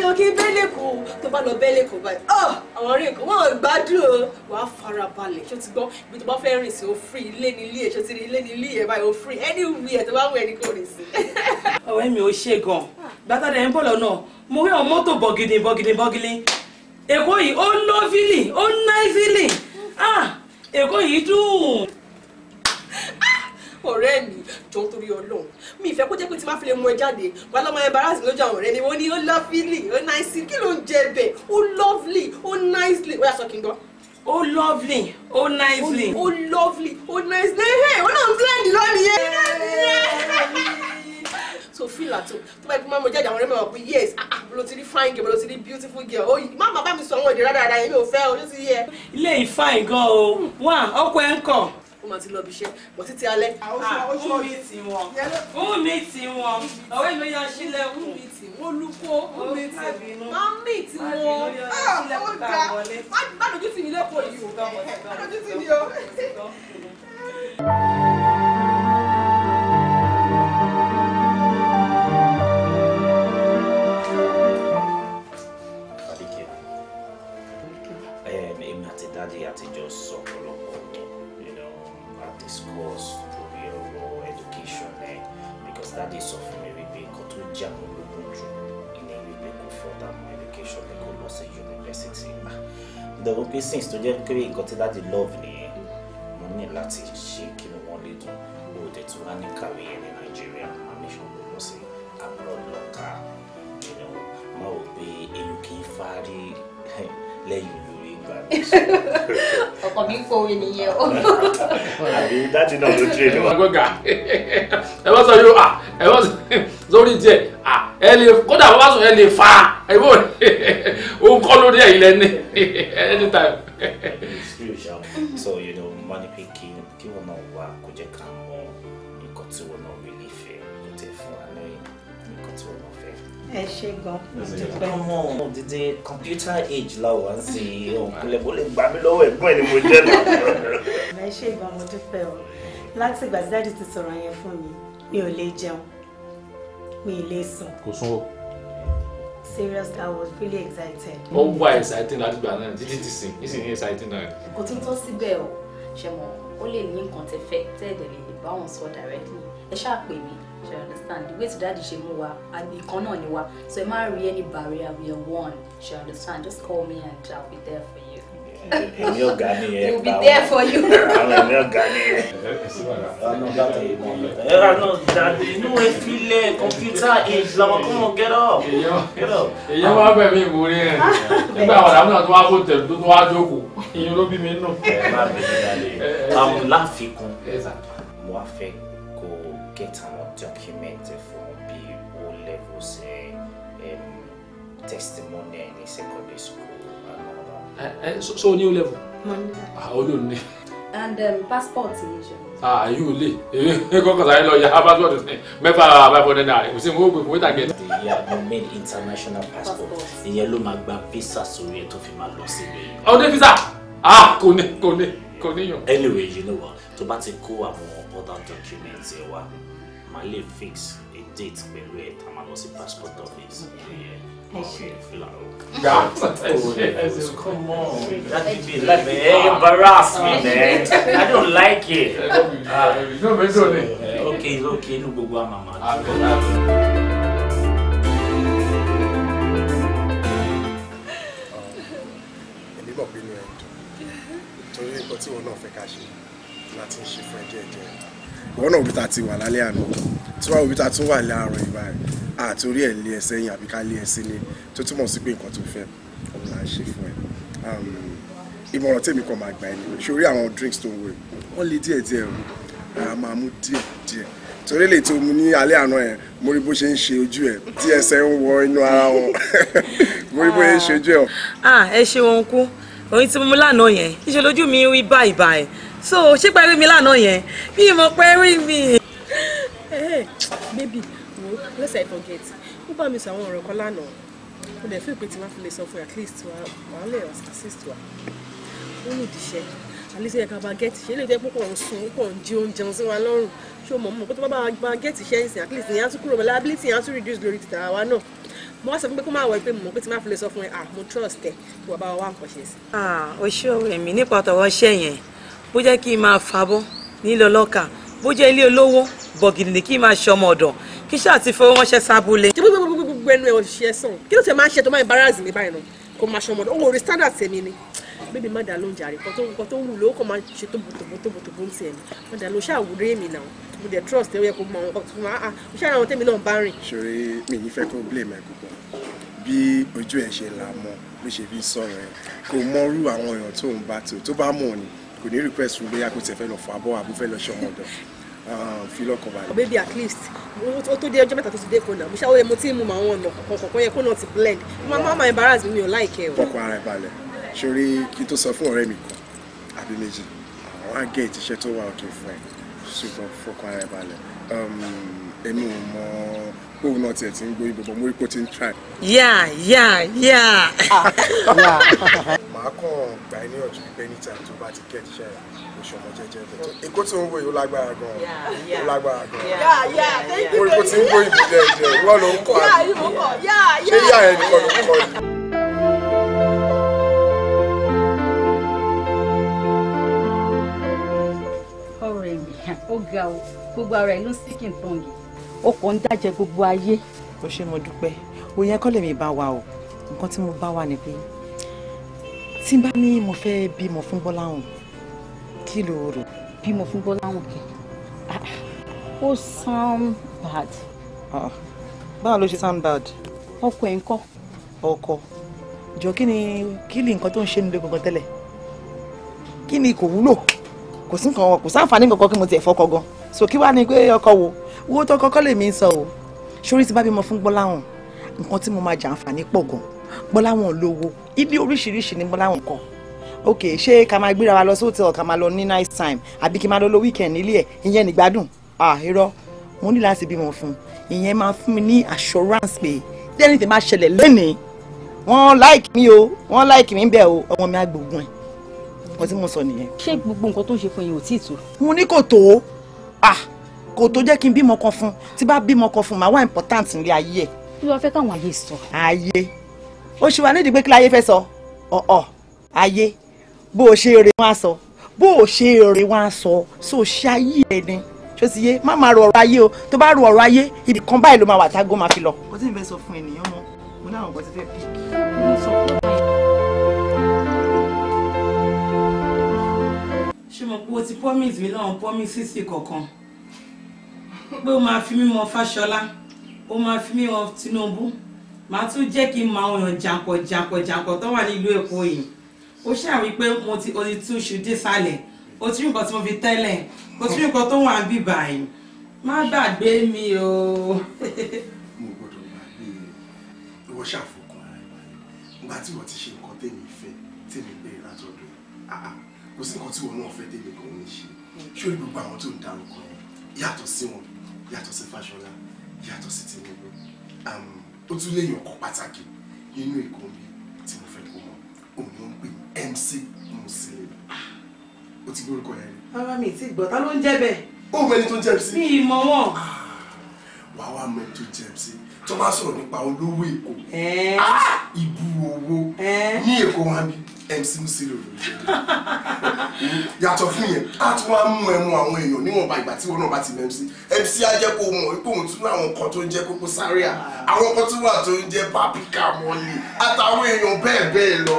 èèyàn kí bẹ́lẹ̀ kò tó bá lọ bẹ́lẹ̀ kò báyìí ọ ah! àwọn orí nǹkan wọn gbádùn o wàá fara balẹ̀ ṣó ti gbọ́ ibi tó bá fẹ́ rìn sí o free ilé ní ilé ẹ̀ ṣó ti rí ilé ní ilé ẹ̀ báyìí o free anywhere tó bá wù ẹni kò rìn sí. ọ̀rẹ́ mi ò ṣe gan gbàtàdé ẹ̀ ń bọ̀ lọ́nà mo rí àwọn mọ́tò bọ̀gìdì bọ̀gìdì bọ̀gìdì èkó yìí ó ń lọ́fílì ah èkó yìí dùn ọ̀rẹ́ mi jọ nítorí ọlọ́run mi ìfẹ́ kó jẹ́ pé tí má fi lè mú ẹ jáde wàá lọ́mọ embarrass lójú àwọn ọ̀rẹ́ mi wọ́n ní ó lovely ó nice kí ló ń jẹ bẹ́ẹ̀ ó lovely ó nicely ó yà sọ kí n gbọ́. ó lovely ó nicely. ó lovely ó nicely ó náà ń blend lónìí yẹn so feel at home tó bá yẹ kó máa mọ jáde àwọn ọ̀rẹ́ mi yes ah ah mo ti rí fine girl mo ti rí beautiful girl ó má bàbá mi sọ àwọn èdè rádaràda yẹn mi ò fẹ́ o ló ti yẹ. ilé ìfà ìgọ́ o hmm. wà ọkọ̀ ẹ̀ ń kọ̀ ó máa ti lọ bí iṣẹ́ bọ̀ títí alẹ́. fún mi tì wọ́n fún mi tì wọ́n ọ̀rẹ́ mi yàn sílẹ̀ fún oh, ah, mi tì wọ́n lúkọ́ fún mi tì máa ń mì tì wọ́n ó ga má dojú tì mí lẹ́kọ̀ọ́ yìí o má dojú tì mí o. sọ fún we wípé nǹkan tó jẹ́ àwọn ológun jù ni wípé go further àwọn education ni go lọ sí yunifásitì ah, mà dọ̀wọ́ pé since tó jẹ́ pé nǹkan tí láti love nìyẹn mo ní láti ṣe kí ni wọ́n lè dùn ó dẹ̀ tún wá ní kàwé yẹn ní nàìjíríà máa ní ṣòro lọ sí abroad lọ́ka máa wò pé èyí kì í fárí lẹ́yìn ọkọ mi fowó nìyẹn o. àbí dájú náà ló dé ní. ọgbẹ́gà ẹ bá sọ yóò à ẹ bá sórí díẹ̀ à ẹ lè kódà bá sọ ẹ lè fa ẹ bó òun kọ́ lórí ẹ̀yìn lẹ́ni anytime. so you know money pick ẹ ṣe gan dúpẹ́. ọmọ dídí computer age láwọn ń sin òǹkulẹ̀ kó lè gbà mí lọ́wọ́ ẹ̀gbọ́n ẹ̀ ni mo jẹ́ náà. ẹ ṣe gan mo dúpẹ́ o láti ìgbà tí dáàdì ti sọ̀rọ̀ yẹn fún mi mi ò lè jẹun mi ò lè sùn. kò sún o. seriously i was really excited. ó wà exciting láti gbà náà títí ti sìn ní sìn ní exciting náà. kò tún tó síbẹ̀ o ṣe mọ̀ ó lè ní nǹkan tẹ fẹ́ tẹ́ẹ̀dẹ̀ lè bá wọn sọ directly ẹ ṣáà pè mí understand the way tí dáàdi ṣe mú wa ìkan náà ni wa so ẹ má rí any barrier we are one she understand just call me and I'll be there for you. èmi ọ̀gá ni ẹ we'll be there for you. àwọn èmi ọ̀gá ni ẹ. ẹ̀rọ dàdé inú ẹ filẹ̀ kọ̀mpútà age làwọn kọ́ mọ̀ get up. èyàn wá mí ìwúrí ẹ̀ ah. nígbà wàdà náà tó wá bó tẹ̀ tó tó wá jókòó ìyẹn ló bí mi nù. ẹ má bẹ̀rẹ̀ dàdé àmúláfikún mo wá fẹ́ get àwọn document fún bí o levels ẹ um, testimony ní secondary school and all that. ẹ eh, ẹ eh, so o ní level. mo ní. ah o ní o ní. and um, passport yìí ṣe. ah yìí ò lè ee kọkàn sáyé lọ ya passport mẹ́fà àbáfọ nínú àrẹ kò we mo gbé wíta gẹ. ìyá mo made international passport ìyẹn ló máa gba visa sórí ẹ tó fi máa lọ Oh, the visa ah kò ní kò ní anyway you know what To bá ti kó àwọn important documents ẹ wá màá lè fix a date pẹ̀lú ẹ̀ tá a lọ sí passport office ìyẹn oh. gbà oh, come on that dey be like eh embarrass me man i don't like it. no me so ne. Eh, okay okay ah, inú gbogbo àmàmà. èmi bọ̀ bínú ẹ̀ ń dùn torí nǹkan tí wọn náà fẹ́ ká ṣe láti ń ṣe fún ẹjẹ ẹjẹ ìwọ náà òbí ta ti wà lálẹ́ àná tí wàá òbí ta tún wà láàárọ̀ ìbá rẹ̀ àtòrí ẹ̀ lé ẹsẹ̀ yín àbí ká lé ẹsẹ̀ lé tó túmọ̀ sí pé nǹkan tó fẹ́ òun là ń ṣe fún ẹ ìmọ̀ràn tèmi kan máa gbà ẹ́ nìyẹn sórí àwọn drinks tó ń wẹ̀ wọ́n lé díẹ̀ díẹ̀ o ara máa mú díẹ̀ díẹ̀ torí lè tó mu ní alẹ́ àná ẹ̀ mo bó ṣe ń ṣe ojú ẹ̀ tí ẹsẹ̀ ń wọ inú ara wọn mo bó ṣe ń ṣe ojú ẹ̀. ẹ ṣe wọn kú oyin tí mo mú lánàá yẹn níṣẹ́ mi rí báyìí báyìí so ṣé pẹ́ rí mi lánàá yẹn bí mo pẹ́ rí mi. baby wo let's I forget ó bá mi sọ àwọn ọ̀rọ̀ kan lánàá mo dẹ̀ fún ìpè tí wọ́n fi lè sọ fún at least wàá lè assist wa ó ní ìdíṣẹ́ àlejò ẹ̀ka bagẹ́tì ṣe lè jẹ́ púpọ̀ ń sun púpọ̀ ń jí oúnjẹ sí wa lọ́rùn ṣé o mọ̀ mọ̀ kó tó bá bagẹ́tì ṣe ń sìn at least ìyẹn á tún kúrò liability yẹn á tún reduce lórí títà wa náà mo wá sọ fún pé kó máa wọ pé mo mọ̀ pé tí máa fi lè sọ fún ẹ ah mo trust ẹ kí wọ́n bá wa wá nǹkan ṣe sí. ah o ṣé òwe mi nípa tọwọ́ ṣẹ́ yẹn bó jẹ́ kí n máa fabọ́ nílò lọ́kà bó jẹ́ ilé olówó bọ̀gìdì ni kí n máa ṣe ọmọ ọ̀dọ̀ kí ṣáà ti fowó ránṣẹ́ sábúlé. tí gbogbo ẹnu ẹ̀ wọ́n ti ṣe ẹ́ sàn kí ló ti máa ṣe tó máa embarrass mi báyìí náà kò máa ṣọmọ ọ̀dọ̀ òun ò rí standard tèmi ni bébí má dà ló ń jàre kan tó nǹkan wù ló kàn máa ṣe tó bòtòbó tó bòtòbó ń tiẹ̀ ni má dà ló ṣàwúrẹ́ èmi náà mo dẹ̀ trust ẹ̀ kó mọ ọkọ̀ tó máa ah ṣáà àwọn tèmi náà bá rìn. ṣeré mi ní fẹ́ kó blame ẹ̀ gbogbo bí ojú ẹ̀ ṣe là mọ́ ló ṣe fi sọ̀rọ̀ ẹ̀ kò mọ́rú àwọn èèyàn tó ń bá tó tó bá mọ̀ ni kò ní request fún bóyá kò tẹ̀ fẹ́ lọ fún abọ́ àbó lọ ṣe ọmọ ah, fi lọ́kàn balẹ̀. baby at least o tó di ọjọ́ mẹ́ta tó ti dé kó náà mo ṣàwọ́ mo tí ń mu àwọn ọ̀nà kọ̀ọ̀kan yẹn kó náà ti blend mo máa ma embarrass mi mi ò láìkẹ́ o. fọkàn ara ẹ balẹ̀ sórí kí n tó sọ fún ọ̀rẹ́ mi kan àbí méjì àwọn àgẹ́ ìtíṣẹ́ tó wà òkè fún ẹ ṣùgbọ́n fọkàn ara ẹ balẹ̀ um, èmi ò mọ kóun náà tiẹ̀ ti ń gbóyún bọ̀bọ̀ mo rí kó ti ń try. yà yà yà màá kàn gbà ẹ́ níyànjú pé níta tó bá ti kẹ́ ṣe oṣù ọmọ jẹjẹ bẹ̀tẹ̀ èkó tí ń wo yìí ó lágbára gan ó lágbára gan oríko tí ń gbó ìbí jẹ jẹ ìwọ ló ń kọ àbí ṣé yá ẹ nìkan ló ń kọ ni. ọ̀rẹ́ mi ó ga o gbogbo ara ẹ̀ ló ń síkìn tọ̀ǹgì ó kàn ń dájẹ́ gbogbo ayé. ó ṣe mo dúpẹ́ òye ẹ̀kọ́ lèmi bá wa o nǹkan tí mo bá wa ni pé tí n bá ní mo fẹ́ bímọ fún Gbọ́láhùn kí ló rò. bímọ fún Gbọ́láhùn kì ah, ó sound bad. Ah, báwo ló ṣe sound bad. ọkọ ẹ̀ ń kọ́. ọkọ jọ kí ni kí ni nǹkan tó ń ṣe nílé tẹ́lẹ̀ kí ni kò wúlò kò sí nǹkan kò sáǹfààní kankan kí mo tiẹ̀ fọkọ gan so kí wàá ní pé ọkọ wo owó tó kọ́kọ́ sọ o ti bá bímọ fún Gbọ́láhùn nǹkan tí mo máa pọ̀ gan bọ́láwọn olówó ibi oríṣiríṣi ni bọ́láwọn kọ ok ṣé ká máa gbéra wa lọ sí hòtẹ́ẹ̀lì ká máa lọ ní night time àbí kí n máa lọ lọ weekend nílé ẹ̀ ìyẹn nígbádùn ah irọ́ mo ní láti bímọ fún un ìyẹn máa fún mi ní assurance pé tẹ́lẹ̀ tí máa ṣẹlẹ̀ lónìí wọ́n like mi o wọ́n like mi bẹ́ẹ̀ o ọmọ mi á gbógun ẹ̀ nǹkan tí mo sọ nìyẹn. ṣé gbogbo nǹkan tó ń ṣe fún yín ò tí ì tó. mo ní kò tó ah kò tó jẹ́ kí n bímọ kan fún tí bá bímọ kan fún màá wà important nílé ayé ẹ̀. kí ló fẹ́ káwọn ayé sọ. ayé ó ṣe wà nídìí pé kí láyé fẹ́ sọ ọ̀ọ̀ ayé bó o ṣe rè wọ́n á sọ bó o ṣe rè wọ́n á sọ so ṣe ayé ẹ̀ ni ṣó ti yé má máa ro ọ̀rọ̀ ayé o tó bá ro ọ̀rọ̀ ayé ibì kan báyìí ló máa wà tágó máa fi lọ. mo ti ń fẹ́ sọ fún ènìyàn mọ́ mo ní àwọn ti fẹ́ pí kí n sọ fún mi. ṣé mo pé o ti promise mi náà promise sí kankan pé o máa fi mí mọ Fáṣọlá o máa fi mí mọ Tinubu màá tún jẹ́ kí n mọ àwọn èèyàn jàǹkọ̀ jàǹkọ̀ jàǹkọ̀ tó wà nílùú èkó yìí ó ṣàwí pé mo ti o ti tú ṣùdí sálẹ̀ o ti rí nǹkan tí mo fi tẹ́lẹ̀ o ti rí nǹkan tó wà ń bì báyìí má gbàgbé mi o. mo gbọ́dọ̀ gbàgbé e. ìwọ ṣàfọkàn ara ẹ nígbà tí wọn ti ṣe nǹkan tèmi fẹ́ tèmi bẹ̀rẹ̀ látọ̀dọ̀ kò sí nǹkan tí wọn náà fẹ́ tèmi kò ní ṣe ṣórí gbogbo àwọn tó ń dárúkọ yàtọ̀ sí wọn yàtọ̀ sí Fáṣọlá yàtọ̀ sí Tinubu ó tún léèyàn kan pàtàkì nínú èkó mi tí mo fẹ́ kó mọ̀ òun ló ń pè ní MC Musili ah, ó ti gbórúkọ yẹn rí. rárá mi ti gbọ́ ta ló ń jẹ́ bẹ́ẹ̀. ó mẹ́ni tó jẹ́ MC. mi ì mọ̀ wọ́n. Ah, wà á wá mẹ́ni tó jẹ́ MC tó máa sọ̀rọ̀ nípa olówó èkó. Ibu. Ah, owó ní èkó wa bí mc musiri òdòdó yàtọ̀ fún yẹn a tún wá mú ẹmu àwọn èèyàn níwọ̀nba ìgbà tí wọn náà bá ti mọ mc mc á jẹ́ kó mọ̀ ipò òun tún àwọn nǹkan tó ń jẹ́ kókó sáré à àwọn nǹkan tó wà tó ń jẹ́ pápíkà mọ́ni àtàwọn èèyàn bẹ́ẹ̀ bẹ́ẹ̀ lọ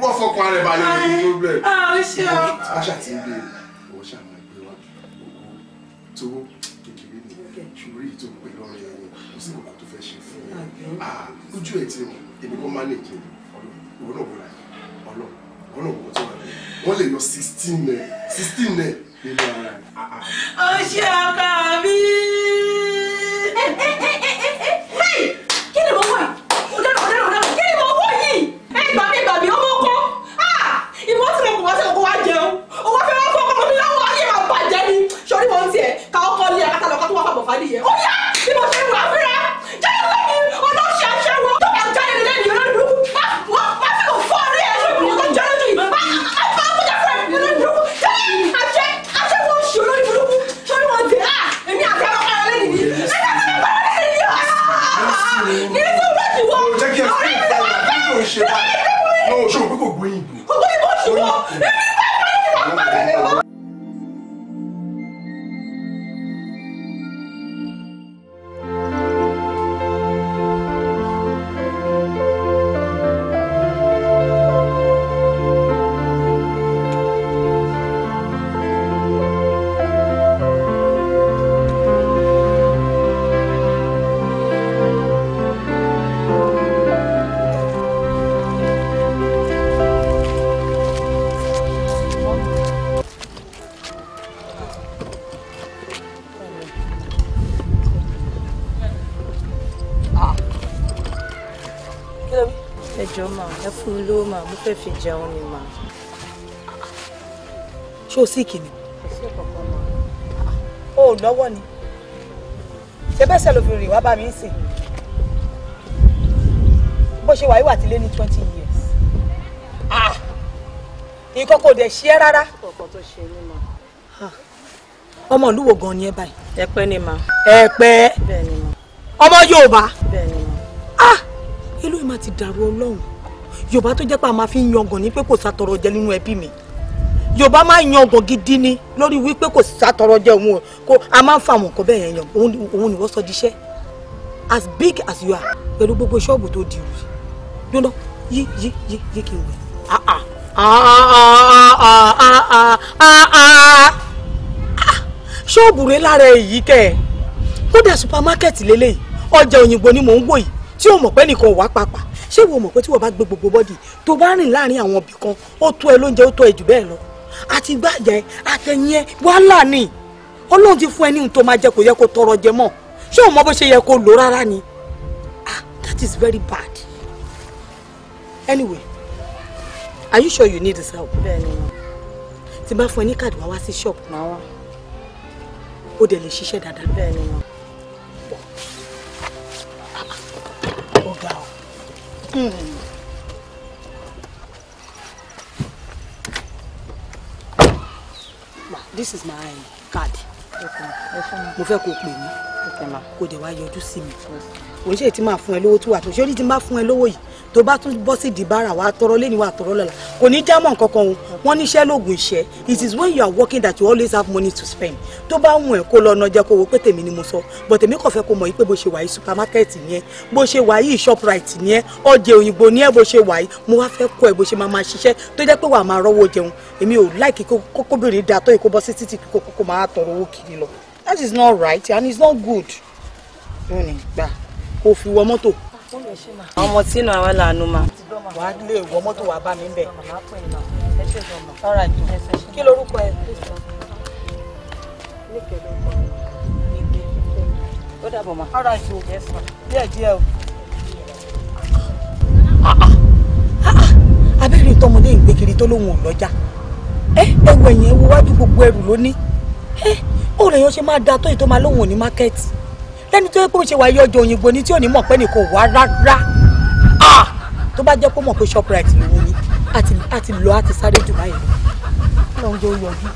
wọ́n fọkàn rẹ̀ balẹ̀ lórí problem aṣá ah, ti ń béèrè e. owó ṣàmì ẹgbẹ́ wa owó tó kékeré ni ṣùgbọ́n èyí tó ń pè lọ́rọ̀ yẹn ni kò sí nǹkan tó fẹ́ ṣe fún yẹn ah, ojú ẹ̀ ti rìn èmi kò má lè jẹ ìwọ náà wọn náà wọ́n tó wà lẹ́yìn wọ́n lè yọ sixteen naira sixteen naira nínú ara rẹ̀. ó ṣe ọkọ mi. kí ni mo wọ̀ yìí mo dáná mo dáná mo dáná kí ni mo wọ̀ yìí ẹ gbà mí gbà mí ọmọ ọkọ ah, ìwọ tí mo kò wá sí ọkọ wa jẹun owó fẹ́ wá fún ọkọ mi láwọn ayé máa bàjẹ́ ni sọrí wọn tiẹ̀ ká ọkọ ní ẹ̀ kátàlọ́ká tó wá fàbọ̀ fàdí yẹn ó yá. fún mi lówó mà mo fẹ́ fi jẹun ni mà. ṣé o síìkì ni. kò sí ìkọ̀kọ̀ mọ́. Ah, o ò lọ́wọ́ ni ṣé bẹ́sẹ̀ ló fi rìn wá bá mi sìn bó ṣe wà wíwà tí lé ní twenty years ah, nǹkan kò dẹ̀ ṣe é rárá. Ah. ọmọ ìlú wo gan ni ẹ báyìí. ẹpẹ ni mà. ẹpẹ ọmọ Ah, ìlú ẹ má ti dàrú Ọlọ́run yorùbá tó jẹ́ pé a máa fi ń yangàn ní pé kò sàtọrọ jẹ nínú ẹbí mi yorùbá máa ń yangàn gidi ni lórí wípé kò sàtọrọ jẹ òun kó a máa ń fa àwọn nǹkan bẹ́ẹ̀ yẹn yàn òun ni wọ́n sọ diṣẹ́ as big as you are pẹ̀lú gbogbo ṣọ́ọ̀bù tó di rù yọ̀nà yí yí yí yí kí n wẹ̀ ah ah, ah, ah, ah ṣọ́ọ̀bù rẹ lára èyí kẹ́ ẹ̀ kódà supermarket lélẹ́yìí ọjà òyìnbó ni mò ń wò yìí tí ò mọ̀ pé nìkan wà pàápàá ṣé wo mọ̀ pé tí wọ́n bá gbé gbogbo bọ́dì tó bá rìn láàrin àwọn ibì kan ó tó ẹ lóúnjẹ ó tó ẹ jù bẹ́ẹ̀ lọ àti gbàjẹ́ àtẹ̀yìn ẹ wàhálà ni ọlọ́run ti fún ẹ ní ohun tó máa jẹ kò yẹ kó tọrọ jẹ mọ́ ṣé o mọ bó ṣe yẹ kó lò rárá ni ah that is very bad anyway are you sure you need this help. bẹ́ẹ̀ni wọn. tí bá fún ẹ ní káàdì wá wá sí ṣọ́ọ̀bù. máa wá. ó dẹ̀ lè ṣiṣẹ́ dáadáa. bẹ́ẹ̀ni wọn this is my card mo fẹ́ kó o pè mí kó o dẹ̀ wá mi kò ṣe tí máa fún ẹ lówó tó wà tó ṣé orí ti máa fún ẹ lówó yìí tó bá tún bọ́ sí dìbára wàá tọrọ lẹ́ni wàá tọrọ lọ́la kò ní jámọ́ nǹkan o wọ́n níṣẹ́ lóògùn iṣẹ́ it is when you are working that you always have money to spend tó bá wùn ẹ̀ kó lọ ọ̀nà jẹ́ kó wo pé tèmi ni mo sọ but èmi kò fẹ́ kó mọ̀ yìí pé bó ṣe wà yìí supermarket nìyẹn bó ṣe wà yìí shoprite nìyẹn ọjà òyìnbó nìyẹn bó ṣe wà yìí mo wá fẹ́ kó ẹ bó ṣe máa máa ṣiṣẹ́ tó jẹ́ pé wà máa rọ́wọ́ jẹun èmi ò láìkí kókóbìnrin da tó yẹ bọ́ sí títì kó máa tọrọ owó kiri lọ that is not right and it's not good kó fi wọ mọ́tò. ọmọ tí nà wà lànà mà. wàá lè wọ mọ́tò wàá bá mi bẹ̀. kí lorúkọ ẹ. ó dàbọ̀ mà. ọ̀rọ̀ àìsàn díẹ̀ díẹ̀ o. abẹ́rẹ́ tọmọdé ìgbékiri tó lóun ò lọ́jà ẹ ẹwọ ẹ̀yìn ẹ wo wájú gbogbo ẹrù lónìí ó rẹ̀ yẹn ṣe máa da tó yìí tó máa lóun ò ní mákẹ́ẹ̀tì lẹ́ni tó yẹ kó ṣe wáyé ọjọ́ òyìnbó ni tí ò ní mọ̀ pé nìkan wá rárá tó bá jẹ́ kó mọ̀ pé shoprite ló wọ́n ní àti lọ àti sáré jù báyìí lọ́njọ́ yọjú.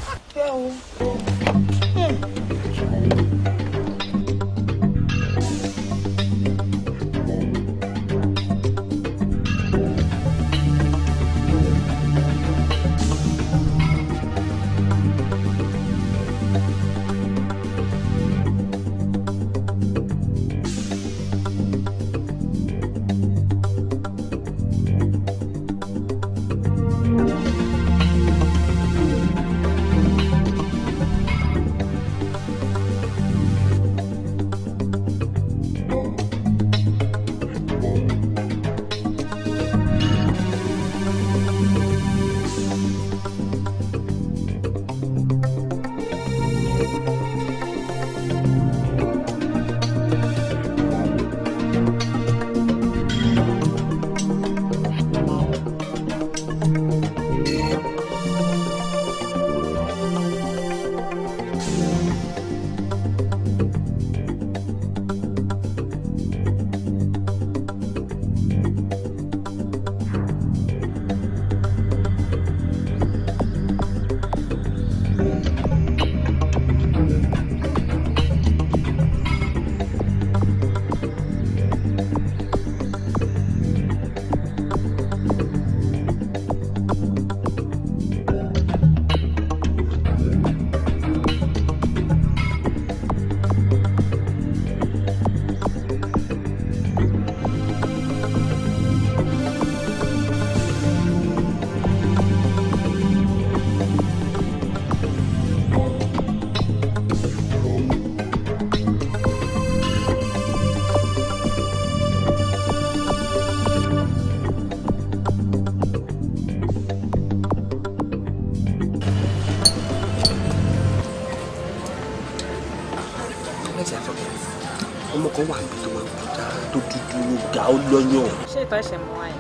lọ́yọ̀. ṣé ìtọ́ ẹ̀ṣẹ̀ mọ́ wáyé.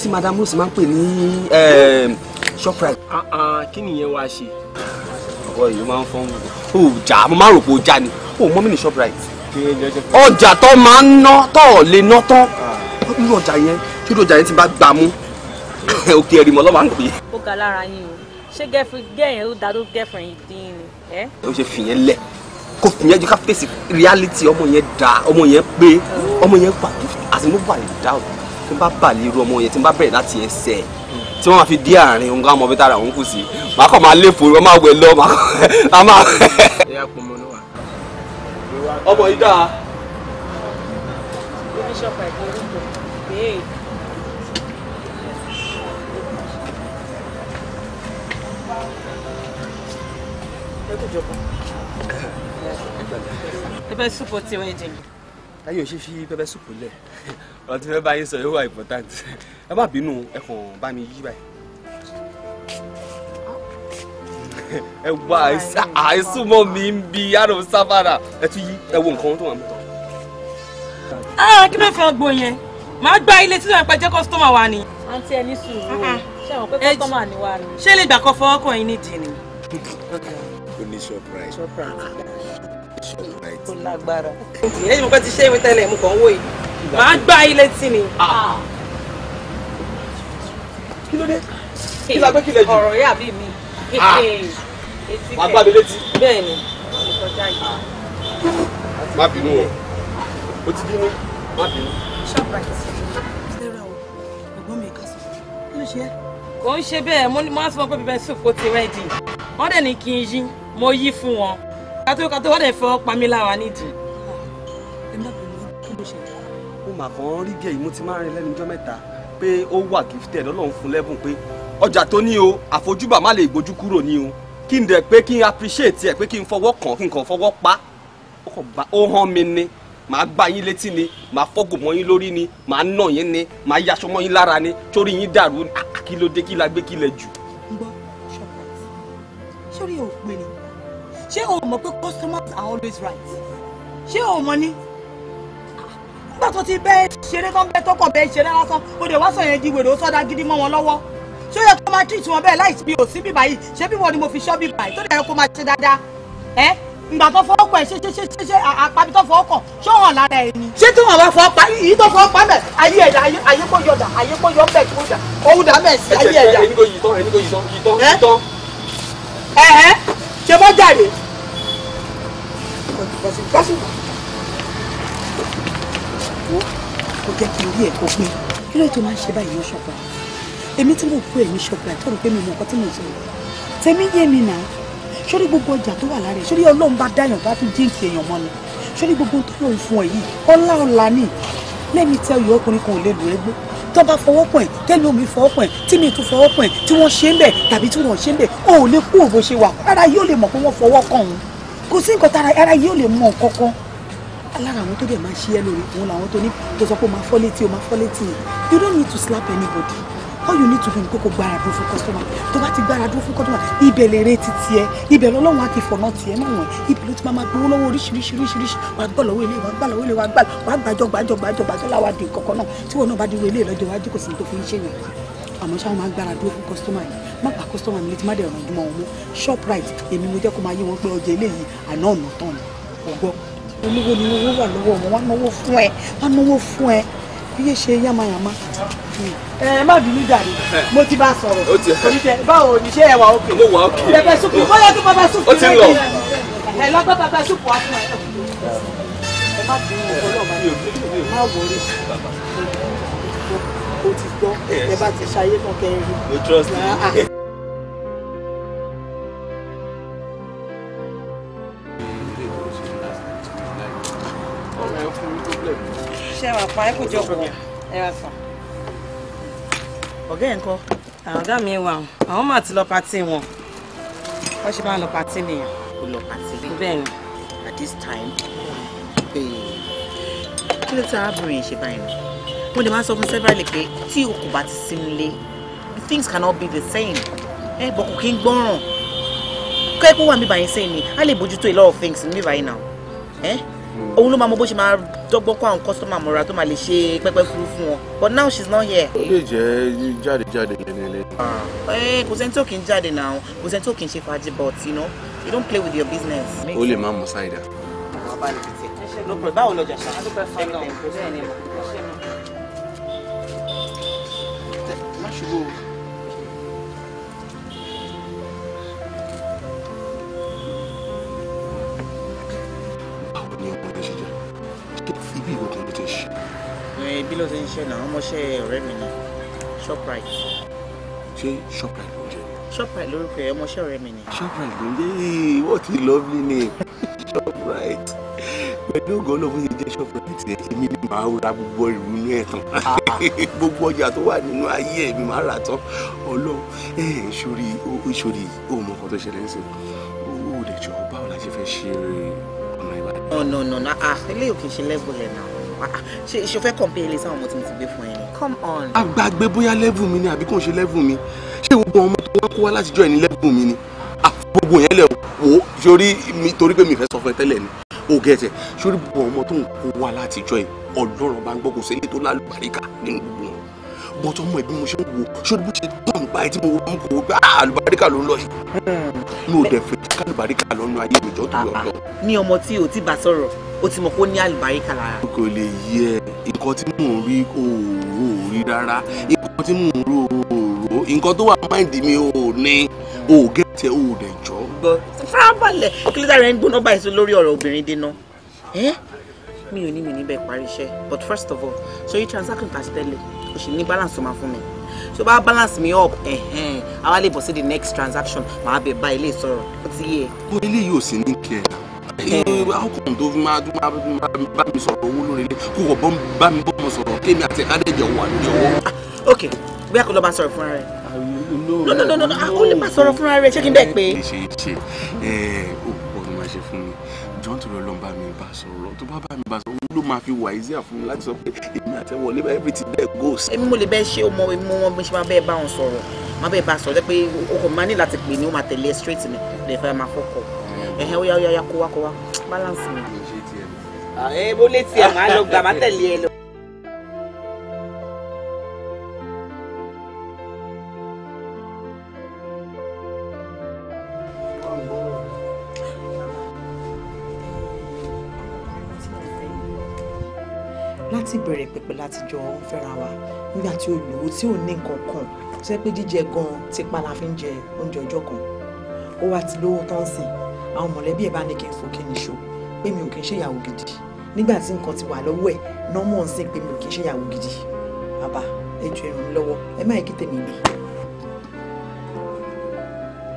tí madam rose máa ń pè ní shoprite. Ah, ah, kí nìyẹn wá ṣe. ọ̀pọ̀ èyí máa ń fọ́n mi. ó jà mo máa rò pé ó já ni ó mọ́ mi ní shoprite. ọjà tó máa ń ná tó lè ná tán ah. irú ọjà yẹn tí irú ọjà yẹn ti bá gbà mú òkè ẹ̀rì mọ́ lọ́wọ́ à ń pè ó ga lára yín o ṣé gẹ́yìn ó dáa tó gẹ́fẹ̀ẹ́ yìí dín ní. ó ṣe fìyẹn lẹ̀ kó fìyẹn jù ká fèsì àti mo bà lè dáhùn tí n bá bà lè ru ọmọ yẹn tí n bá bẹ̀rẹ̀ láti ẹsẹ̀ tí wọ́n máa fi dé àárín òun ká ọmọ bí tára òun kù sí màá kàn máa léfò wọ́n máa wẹ̀ lọ màá máa. ọmọ yìí dáa. ẹ fẹ́ support wedding táyé ò ṣe fi pẹpẹ sùpù lẹ ọ̀rọ̀ tí fẹ́ bá yín sọ yóò wà important ẹ má bínú ẹ bá mi yí báyìí. ẹ wá àìsùn mọ́ mi ń bi yàrá sáfàrà ẹ tún yí ẹ wo nǹkan tó wà mí tọ. Ah, kí ló fẹ́ gbọ́ yẹn màá gba ilé tí wọ́n pẹ́ jẹ́ kọ́sítọ́mà wa ni. àǹtí ẹni sùúrù ṣé àwọn pé kọ́sítọ́mà ni wa ni. ṣé lè gbà kọ́ fọwọ́ yín nídìí ni. ó ní kò lágbára. ìyẹn tí mo kọ́ ti ṣe ìwé tẹ́lẹ̀ mo kàn ń wò yìí màá gbá ilé tì ní. Ah. kí ló dé kí la gbé kílẹ̀ jù. ọ̀rọ̀ yà bí mi. wàá ah. gbá mi létí. bẹ́ẹ̀ ni ìkọjá yìí. má bínú o ó ti bínú má bínú. kò ń ṣe bẹ́ẹ̀ mo máa ń sọ pé bíbẹ́ sùn kò ti rẹ́dì wọ́n dẹ̀ ní kí n yí mo yí fún wọn kátó-kátó wọ́n dẹ̀ fọ́ pamíláwa nídìí. ó mà kàn rí díẹ̀ yìí mo ti máa ń rin lẹ́nu ọjọ́ mẹ́ta pé ó wà gifted ọlọ́run fún lẹ́bùn pé ọjà tó ní o àfojúbà má lè gbójú kúrò ní o kí n dẹ̀ pé kí n appreciate ẹ̀ pé kí n fọwọ́ kàn kí n kàn fọwọ́ pa ó hàn mí ni màá gbá yín létí ni màá fọ́gùn mọ́ yín lórí ni màá nà yín ni màá yaṣọ mọ́ yín lára ni torí yín dàrú ah, kí ló dé kí la gbé kí lẹ jù. ń gbọ́ ṣọ́kàtì sórí òpin ni ṣé o mọ̀ pé customers are always right ṣé o mọ̀ ni nígbà tó ti bẹ́ẹ̀ ṣeré tán bẹ́ẹ̀ tọkọ̀ bẹ́ẹ̀ ṣeré lásán o lè wá sọ yẹn di wèrè ó sọ́dá gidi mọ́ wọn lọ́wọ́ ṣé ó yẹ kó máa treat wọn bẹ́ẹ̀ láì bí ò sí bí báyìí ṣé bí wọn ni mo fi ṣọ́ bí báyìí tó lè yẹ kó máa ṣe dáadáa ẹ́ ìgbà tó fọwọ́ kọ̀ ẹ̀ ṣe ṣe ṣe ṣe ṣe àpábí tó fọwọ́ kọ̀ ṣé hàn lára ẹ̀ ni. ṣé tí wọn bá fọwọ́ pa yìí tó fọwọ́ pa mẹ́ ayé ẹ̀dá ayé kó yọ̀dà ayé kó yọ̀ bẹ́ẹ̀ kó yọ̀dà òun dà mẹ́ sí ayé ẹ̀dá. ẹ ẹ ẹni kò yìí tán ẹni kò yìí tán yìí tán yìí tán jẹ mọ́ jáde. kò jẹ́ kí n rí ẹ̀kọ́ pé kí ló tó máa ń ṣe báyìí ní ṣọ́pà èmi tí mo kú èmi ṣọ́pà tó rò pé mi mọ̀ nǹkan tí mo sọ tèmi yé mi náà sórí gbogbo ọjà tó wà lára ẹ̀ sórí ọlọ́run bá dáyàn tó á fi jíǹkì èèyàn mọ́ ni sórí gbogbo tó lòun fún ọ yìí ọlá ọlá ni lẹ́mi tẹ́ ọyọ́ ọkùnrin kan ò lè lù ẹ́ gbó tó bá fọwọ́ pọ̀ ẹ̀ tẹ́lẹ̀ omi fọwọ́ pọ̀ ẹ̀ tí mi tún fọwọ́ pọ̀ ẹ̀ tí wọ́n ṣe ń bẹ̀ tàbí tí wọ́n ṣe ń bẹ̀ o ò lè kú òbó ṣe wà ara yóò lè mọ̀ pé wọ́n fọwọ́ kàn òun kò sí nǹkan tára ara yóò lè mọ̀ kankan lára àwọn tó dẹ̀ máa ṣe ẹ́ lórí òun làwọn tó ní tó sọ pé o máa fọ́ létí o máa fọ́ you don't need to slap anybody all you need to do ni kókó gbára dúró fún customer tó bá ti gbára dúró fún customer ibẹ̀ lè retí tiẹ̀ ibẹ̀ lọ́lọ́run á ti fọ̀nà tiẹ̀ mọ̀ wọ́n ibẹ̀ ló ti máa gbowó lọ́wọ́ oríṣiríṣi oríṣiríṣi wàá gbọ́ lọ́wọ́ ilé wàá gbà lọ́wọ́ ilé wàá gbà wàá gbàjọ gbàjọ gbàjọ gbàjọ láwa di kọ̀kọ́ náà tí wọn náà bá dirú ilé lọ́jọ́ iwájú kò sí ní tó fi ń ṣèyàn àmọ́ ṣáà máa gbára dúró fún customer yìí má pa customer mi létí má dẹ̀ ràn jùmọ̀ wọn mọ́ Shoprite èmi mo jẹ́ kó máa yé wọn pé ọjà eléyìí àná ọ̀nà tán ni ọgbọ́ olówó ni owó wà lọ́wọ́ wọn wá náwó fún ẹ wá náwó fún ẹ fi yé ṣe yánmayànmá ẹ má bínú jàre mo ti bá sọ̀rọ̀ oníṣẹ báwo oníṣẹ ẹwà òkè mo wà òkè bẹbẹ súpù bóyá tó bàbá súpù rẹ ní ẹ lọgbẹ bàbá súpù wà fún ẹ ẹ má bínú ọlọ́pàá má wọlé o ti gbọ́ ẹ bá ti ṣayé fún kẹrin. ẹ ẹ kò àwọn ọ̀gá mi wà àwọn máa ti lọ patí wọn wọ́n ṣe máa lọ patí nìyẹn. o lọ patí bẹ́ẹ̀ ni at this time pé kí ló ti arábìnrin yẹn ṣe báyìí nù mo lè máa sọ fún several pé tí o kò bá ti sinú lé things cannot be the same ẹ bọ̀ kò kí ń gbọ́ràn kẹ́kọ̀ọ́ wà mí báyìí sẹ́yìn ni a lè bójútó a lot of things mí báyìí náà òun ló máa mọ bó ṣe máa dọ́gbọ́n kó àwọn kọ́sítọ́mà mọ̀ra tó máa lè ṣe pẹ́pẹ́ fúru fún wọn but now she's not here. ó lè jẹ́ jáde jáde lélẹ̀. Ah. Eh, kò sẹ́ni tó kì í jáde náà kò sẹ́ni tó kì í ṣe fàájì but you know you don't play with your business. ó lè máa mú ṣáìdà. báwo lọjà ṣáà má ṣubú o. ibi ló ti ń ṣe náà ọmọọṣẹ́ ọ̀rẹ́ mi ni shoprite. ṣé shoprite ló ń jẹ. shoprite lórúkọ ẹ ọmọọṣẹ́ ọ̀rẹ́ mi ni. shoprite ló ń jẹ ee what a lovely name shoprite pẹ̀lú ògo náà fún ti jẹ́ shoprite ẹ̀ èmi ni màá ra gbogbo ìlú inú ẹ̀ tán ah. gbogbo ọjà tó wà nínú ayé mi màá rà tán ọlọ́run ẹ̀ sórí sórí òun mọ̀ nǹkan tó ṣẹlẹ̀ ń owó òdẹ̀jọ́ báwo la ṣe fẹ́ ṣe ọ̀nà Ìbàdàn. ọ̀nà ọ̀nà ah eléyìí kì í ṣe lẹ́gbọ̀lẹ̀ náà Ah, ṣe ṣe fẹ́ compare ilé sáwọn ọmọ tí mo ti gbé fún ẹ come on. àgbàgbé bóyá level mi ni àbí kò ń ṣe level mi ṣé gbogbo ọmọ tó wá kó wá látijọ́ ẹ̀ ní level mi ni ah, gbogbo yẹn lẹ wò sórí mi torí pé mi fẹ́ sọ fún ẹ tẹ́lẹ̀ ni ó gẹ̀ẹ́tẹ̀ sórí gbogbo ọmọ tó ń kó wá látijọ́ ẹ̀ ọlọ́run bá ń gbọ́ kò sí ilé tó lálùbáríkà nínú gbogbo wọn bọ́n tó mọ ẹbí mo ṣe ń wo sórí bó ṣe tán gba ẹtí mo wọ mú kó wọ pé ah, àlùbáríkà ló ń lọ yìí hmm. mi ò dẹ̀ fẹ́ kálùbáríkà lọ́nu ayé mi jọ́ tó yọ̀ ní ọmọ tí o ti bá sọ̀rọ̀ ó ti mọ̀ pé ó ní àlùbáríkà lára. n kò lè yẹ nǹkan tí mò ń rí òòrò rí rárá nǹkan tí mò ń rí òòrò nǹkan tó wà máìndì mi ò ní o ò gẹ́tẹ̀ o ò dẹ̀ jọ. gbọ́ farabalẹ̀ kí ló dára ẹni gbóná báyìí sí lórí ọ̀rọ̀ obìnrin dènà mi ò ní mi níbẹ̀ parí iṣẹ́ but first of all so yí transaction tàṣítẹ́lẹ̀ o sì ní balance tó máa fún mi tó bá balance me up ẹ̀hẹ́n àwa lè bọ̀ sí the next transaction màá bẹ̀ bá ilé ìsọ̀rọ̀ ó ti yé. mo ilé yìí ò sí ní tiẹ̀ ọkùnrin eh, tó máa bá mi sọ̀rọ̀ owó lórí ilé kó wọ̀ bá mi bọ́ mọ̀ sọ̀rọ̀ kémi àti adéjọ wà ní ọwọ́. Ah, ok bí a kò lọ bá sọ̀rọ̀ fúnra rẹ̀ no no no no a ah, kò lè bá sọ̀rọ̀ fúnra rẹ̀ ṣé kí n bẹ́ẹ̀ pé. ṣe ṣe ẹ ò pọ̀ ni màá ṣe fún mi tó bá bá mi bá sọ ló máa fi wà easier fún mi láti sọ pé èmi àtẹwọlé bá everything there goes. èmi mo lè bẹ́ẹ̀ ṣe ọmọ mi wọn ṣe máa bẹ́ẹ̀ bá wọn sọ̀rọ̀ máa bẹ́ẹ̀ bá a sọ̀rọ̀ pé o kò máa ní láti pè ní o máa tẹ̀lé straight ni lè fẹ́ máa fọ́kọ̀ ẹ̀hẹ́ ó yá kó wá kó wá balance mi. ẹ bó létí ẹ máa lọ gbà má tẹ̀lé ẹ lọ. láti bẹ̀rẹ̀ pẹ̀pẹ̀ láti jọ ń fẹ́ra wa nígbà tí ó lówó tí ò ní nǹkan kan tó yẹ pé jíjẹ gan tipa la fi ń jẹ oúnjẹ ọjọ́ kan ó wá ti lówó tán sìn àwọn mọ̀lẹ́bí ẹ̀ bá ní kí n fòkè níṣó pé mi ò kí n ṣèyàwó gidi nígbà tí nǹkan ti wà lọ́wọ́ ẹ̀ nọ́mọ̀ ń sìn pé mi ò kí n ṣèyàwó gidi bàbá ẹ jọ̀ọ́ ẹ lọ́wọ́ ẹ má kí tèmi gbé.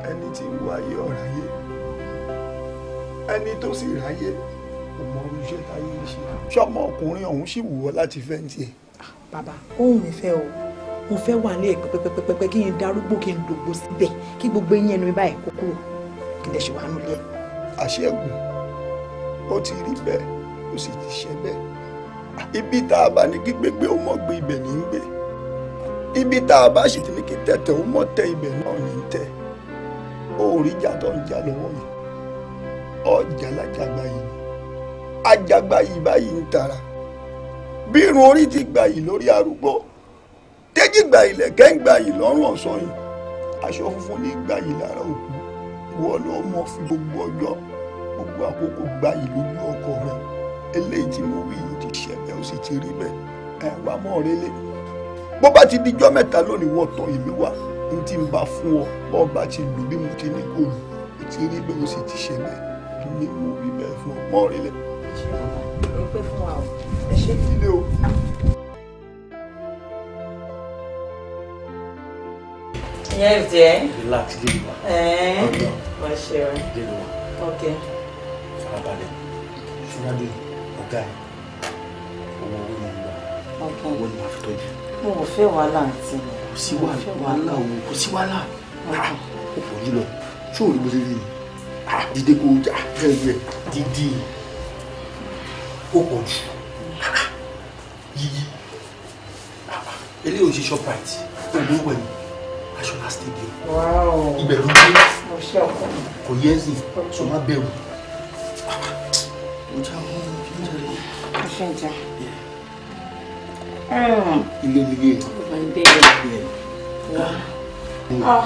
ẹni tí wáyé ọ̀ráyé ẹni tó sì ráyé iṣẹ́ táyé ń ṣe ṣọmọ ọkùnrin ọ̀hún sì wù ọ́ láti fẹ́ ń tiẹ̀. bàbá ohun mi fẹ́ o mo fẹ́ wà ní ẹ̀pẹ́ pẹ́pẹ́pẹ́pẹ́ kí n darúgbó kí n dògbò síbẹ̀ kí gbogbo eyín ẹnu mi báyìí kó kúrò kí lè ṣe wà nù lẹ́. àṣẹ́gun ó ti rí bẹ́ẹ̀ ó sì ti ṣe bẹ́ẹ̀ ibi tá a bá ní kí gbégbé ó mọ̀ gbé ibẹ̀ ní í gbé ibi tá a bá sì ti ní kí tẹ̀tẹ̀ ó mọ̀ tẹ ibẹ̀ náà ní í ó rí jà tó ń jà lọ́wọ́ yìí ọjà lájàgbá yìí àjàgbá yìí báyìí ń tara bí irun orí ti gbà yìí lórí arúgbó tẹ́jì gbà yìí lẹ̀kẹ́ ń gbà yìí lọ́rùn ọ̀sán yìí aṣọ funfun ní gbà yìí lára òkú ìwọ ló mọ fi gbogbo ọjọ́ gbogbo àkókò gbà yìí lójú ọkọ rẹ eléyìí tí mo wí yìí ti ṣẹlẹ̀ ó sì ti rí bẹ́ẹ̀ ẹ wá mọ́ rélé bó bá ti dijọ́ mẹ́ta lónìí wọ̀tọ̀ èmi wà n ti ń bá fún ọ bọ́ ọ bá ti lù bí mo ti ní kò lù ó ti rí bẹ́ẹ̀ ó sì ti ṣẹlẹ̀ èmi mo wí bẹ́ẹ̀ fún ọ mọ́ rélé ṣe bàbá ẹ pẹ́ fún wa o ẹ ṣe kílé o. ìyá ẹ jẹ. relax díẹ̀ wá. ẹ̀ẹ́n wọ́n ṣe o. díẹ̀ wá. ok. farabalẹ̀ ṣúgbọ́n ọ̀gá ẹ̀ owó owó yẹn gbà owó ni màá fi tọ́jú. mo ò fẹ́ wàhálà àǹtí mi. kò sí wàhálà òun kò sí wàhálà ó pọ̀ jùlọ ṣé òun ló ṣe rí ni dídé kó jà gẹ́gẹ́ dídí yìí ó pọ̀ jù yíyí eléyìí ò ṣe shoprite òògùn wẹ̀ ni national stadium ìbẹ̀rù ní kò yẹ ẹ̀sìn tó má bẹ̀rù. Hmm. ilé nílé ẹ̀. Oh.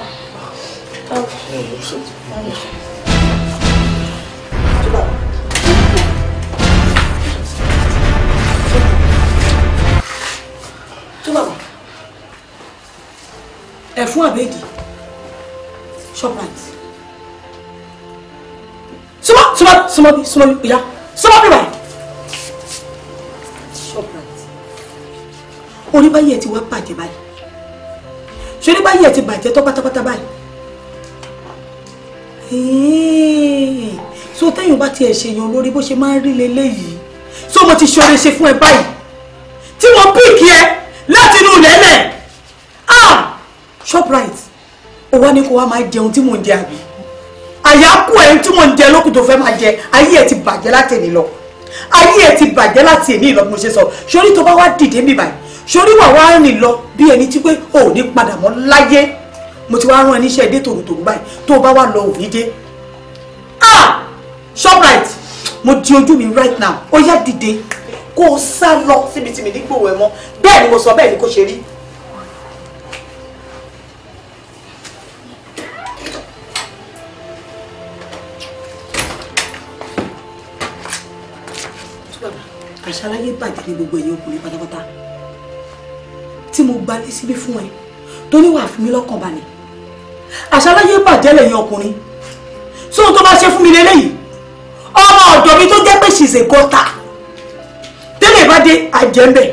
Oh. ẹ̀fún àbẹ́ẹ̀dì shoprite súnmọ́ súnmọ́ súnmọ́ bí súnmọ́ bí ìyá súnmọ́ bí báyìí shoprite orí báyìí ẹ ti wá bàjẹ́ báyìí ṣorí báyìí ẹ ti bàjẹ́ tó pátápátá báyìí so téèyàn bá tiẹ̀ ṣèyàn lórí bó ṣe máa ń rí leléyìí so mo ti ṣoore ṣe fún ẹ báyìí. shoprite ó wá ní kó wá máa jẹun tí mò ń jẹ àbí àyákù ẹ̀ tí mò ń jẹ lókùn tó fẹ́ máa jẹ ayé ẹ̀ ti bàjẹ́ láti èmi lọ ayé ẹ̀ ti bàjẹ́ láti èmi lọ bí mo ṣe sọ sórí tó bá wá dìde mi báyìí sórí wà wá rìn lọ bí ẹni tí pé ò ní padà mọ́ láyé mo ti wá rán ẹ níṣẹ́ ẹdẹ tòrùtòrù báyìí tó bá wá lọ òní dé ah shoprite mo di ojú mi right now ó yá dìde kó o sá lọ síbi tí mi nígbò ẹ mọ bẹ́ẹ̀ ni mo sọ bẹ́ẹ̀ ni kò ṣe rí aṣáláyé bàjẹ́ ní gbogbo ẹ̀yìn ọkùnrin pátápátá tí mo gbalé síbí fún ẹ tó ní wà fún mi lọ́kàn balẹ̀ aṣáláyé bàjẹ́ lẹ́yìn ọkùnrin sóhun tó bá ṣe fún mi lélẹ́yìí ọmọ ọ̀dọ́ mi tó jẹ́ pé ṣìṣe gọ́ta tẹ́lẹ̀ bá dé àjẹ́ńbẹ̀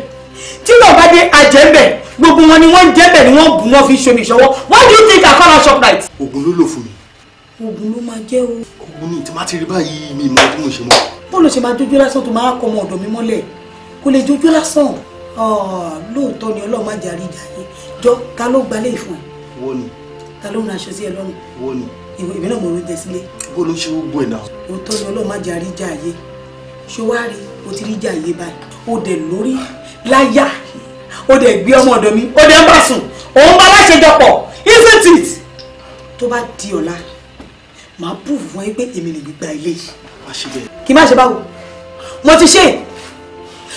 tí wọ́n bá dé àjẹ́ńbẹ̀ gbogbo wọn ni wọ́n ń jẹ́bẹ̀ ni wọ́n bù wọ́n fi ṣomi ìṣọwọ́ why do you think I call her shop night. oògùn ló mo ní ìtìmá ti rí báyìí mi mọ bí mo ṣe mọ. bọ́ọ̀lù ṣe máa jójó lásán tó máa kọ ọmọ ọ̀dọ̀ mi mọ́lẹ̀ kò lè jójó lásán lóòótọ́ ni ọlọ́run má jàrí jàre jọ ta ló gbalẹ̀ ìfún ẹ. wo ni. ta ló ń ra aṣọ sí ẹ lọ́rùn. wo ni. ìwé ìwé náà mo ló jẹ sílé. bó ló ṣe gbogbo ẹ̀ náà. òótọ́ ni ọlọ́run má jàrí jàre ṣé wàá rí o ti rí jàre báyìí o dẹ̀ lórí láyà o dẹ̀ gbé ọmọ isn't it tó bá di màá prove fún ẹ pé èmi lè gba ilé yìí. má ṣe bẹ́ẹ̀. kì í má ṣe báwo mo ti ṣe é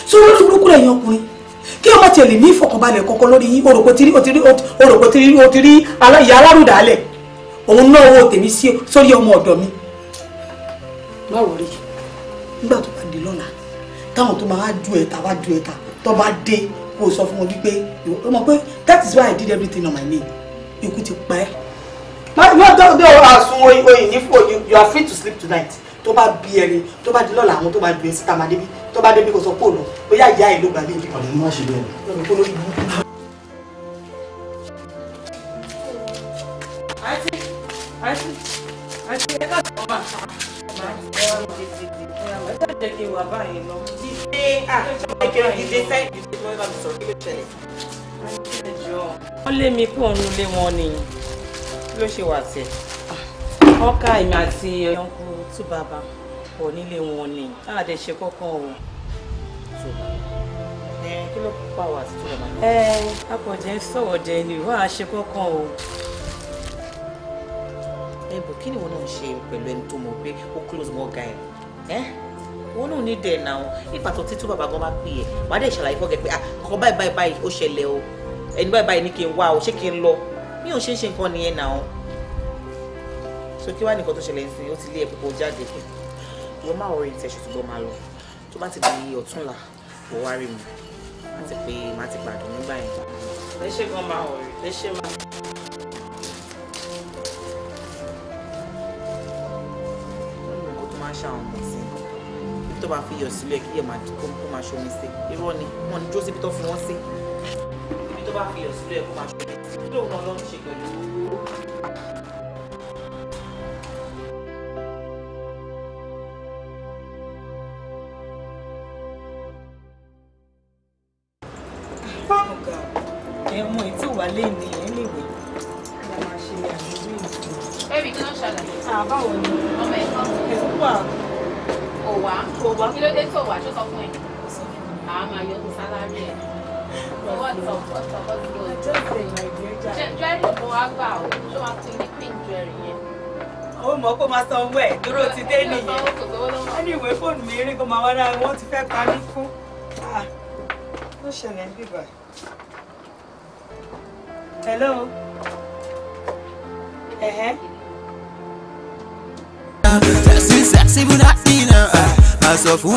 sórí orí burúkú lẹ́yìn ọkùnrin kí ọmọ tiẹ̀ lè ní ìfọ̀kànbalẹ̀ kọ́kọ́ lórí yín òròpó tí o ti rí òròpó tí o ti rí ìyá alárùdálẹ̀ òun náà owó tèmi sórí ọmọ ọ̀dọ̀ mi. má wọrí nígbà tó bá di lọ́la táwọn tó máa du ẹ̀ta wá du ẹ̀ta tó bá dé kó o sọ fún wọn wípé ọmọ pé that is why I did everything on my name ikú ti pa ẹ́ no don't don't asun uh, oyin oyin ní fún oh, you are free to sleep tonight tó bá bí ẹni tó bá di lọ́la àwọn tó bá ju ẹsẹ̀ tàmá débi tó bá débi kò sọ pòlò bóyá ìyá ẹ̀ ló gbà lébi. ọ̀dọ̀ ni wọ́n ṣe bẹ́ẹ̀ ni. àǹtí àǹtí mi sọ̀rọ̀ kí lé wọn nìyí ló ṣe wà tiẹ̀. ọkà èmi àti ọ̀yọ́nkú tú bàbá pọ̀ nílé wọn ni àdé ṣe kọ́kọ́ o. kí ló pa wà sí tú bàbá náà. àpọ̀jẹ́ ń sọ̀rọ̀ jẹ ni wọ́n á ṣe kọ́kọ́ o. ẹ bò kí ni wọn náà ṣe pẹ̀lú ẹni tó mọ̀ pé ó close mọ́ ọ̀gá ẹ̀ wọn náà ní dẹ̀ náà ìgbà tó títú bàbá gan bá pè é wàá dẹ̀ ṣàlàyé fọ́gẹ̀ pé àkọ́kọ́ báyìí báyìí báyìí ó ṣẹlẹ̀ o ẹni báyìí báyìí ní kí n wá o ṣé kí n lọ mi ò ṣe é ṣe nǹkan nìyẹn náà o so kí wàá nìkan tó ṣẹlẹ̀ sí ó ti lé ẹ̀kọ́ jáde pé ìwọ máa wọrí ìtẹ̀ ṣùgbọ́n máa lọ tó bá ti di ọ̀túnla kò wá rí mi má ti pé má ti gbàdùn nígbà yẹn. léṣe gan máa wọrí léṣe máa. kó tó máa ṣàwọn ọmọ sí i tó bá fi yọ sílẹ̀ kí yẹ kó máa ṣomi sí irọ́ ni wọ́n ní dúró síbi tó fi wọ́n sí ibi tó bá fi yọ sílẹ̀ kó máa ṣomi. 咚隆中，请个炉。máa sanwó ẹ̀ dúró ti dé nìyẹn wọ́n ìwé fóònù mi rí gan máa wá ti fẹ́ pa mí fún ah, ló ṣẹlẹ̀ bíbà. hello. ẹ̀hẹ́. sexy sexy but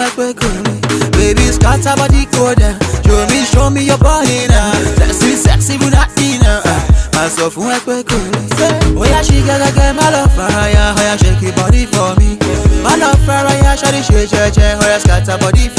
ẹ pé kò ní. Baby scatter body go down. Show me show me your body now. Sexy sexy but not dinner. Máa sọ ẹ pé kò ní. Bóyá ṣì gẹ́gẹ́gẹ́ má lọ fara church, where I scatter body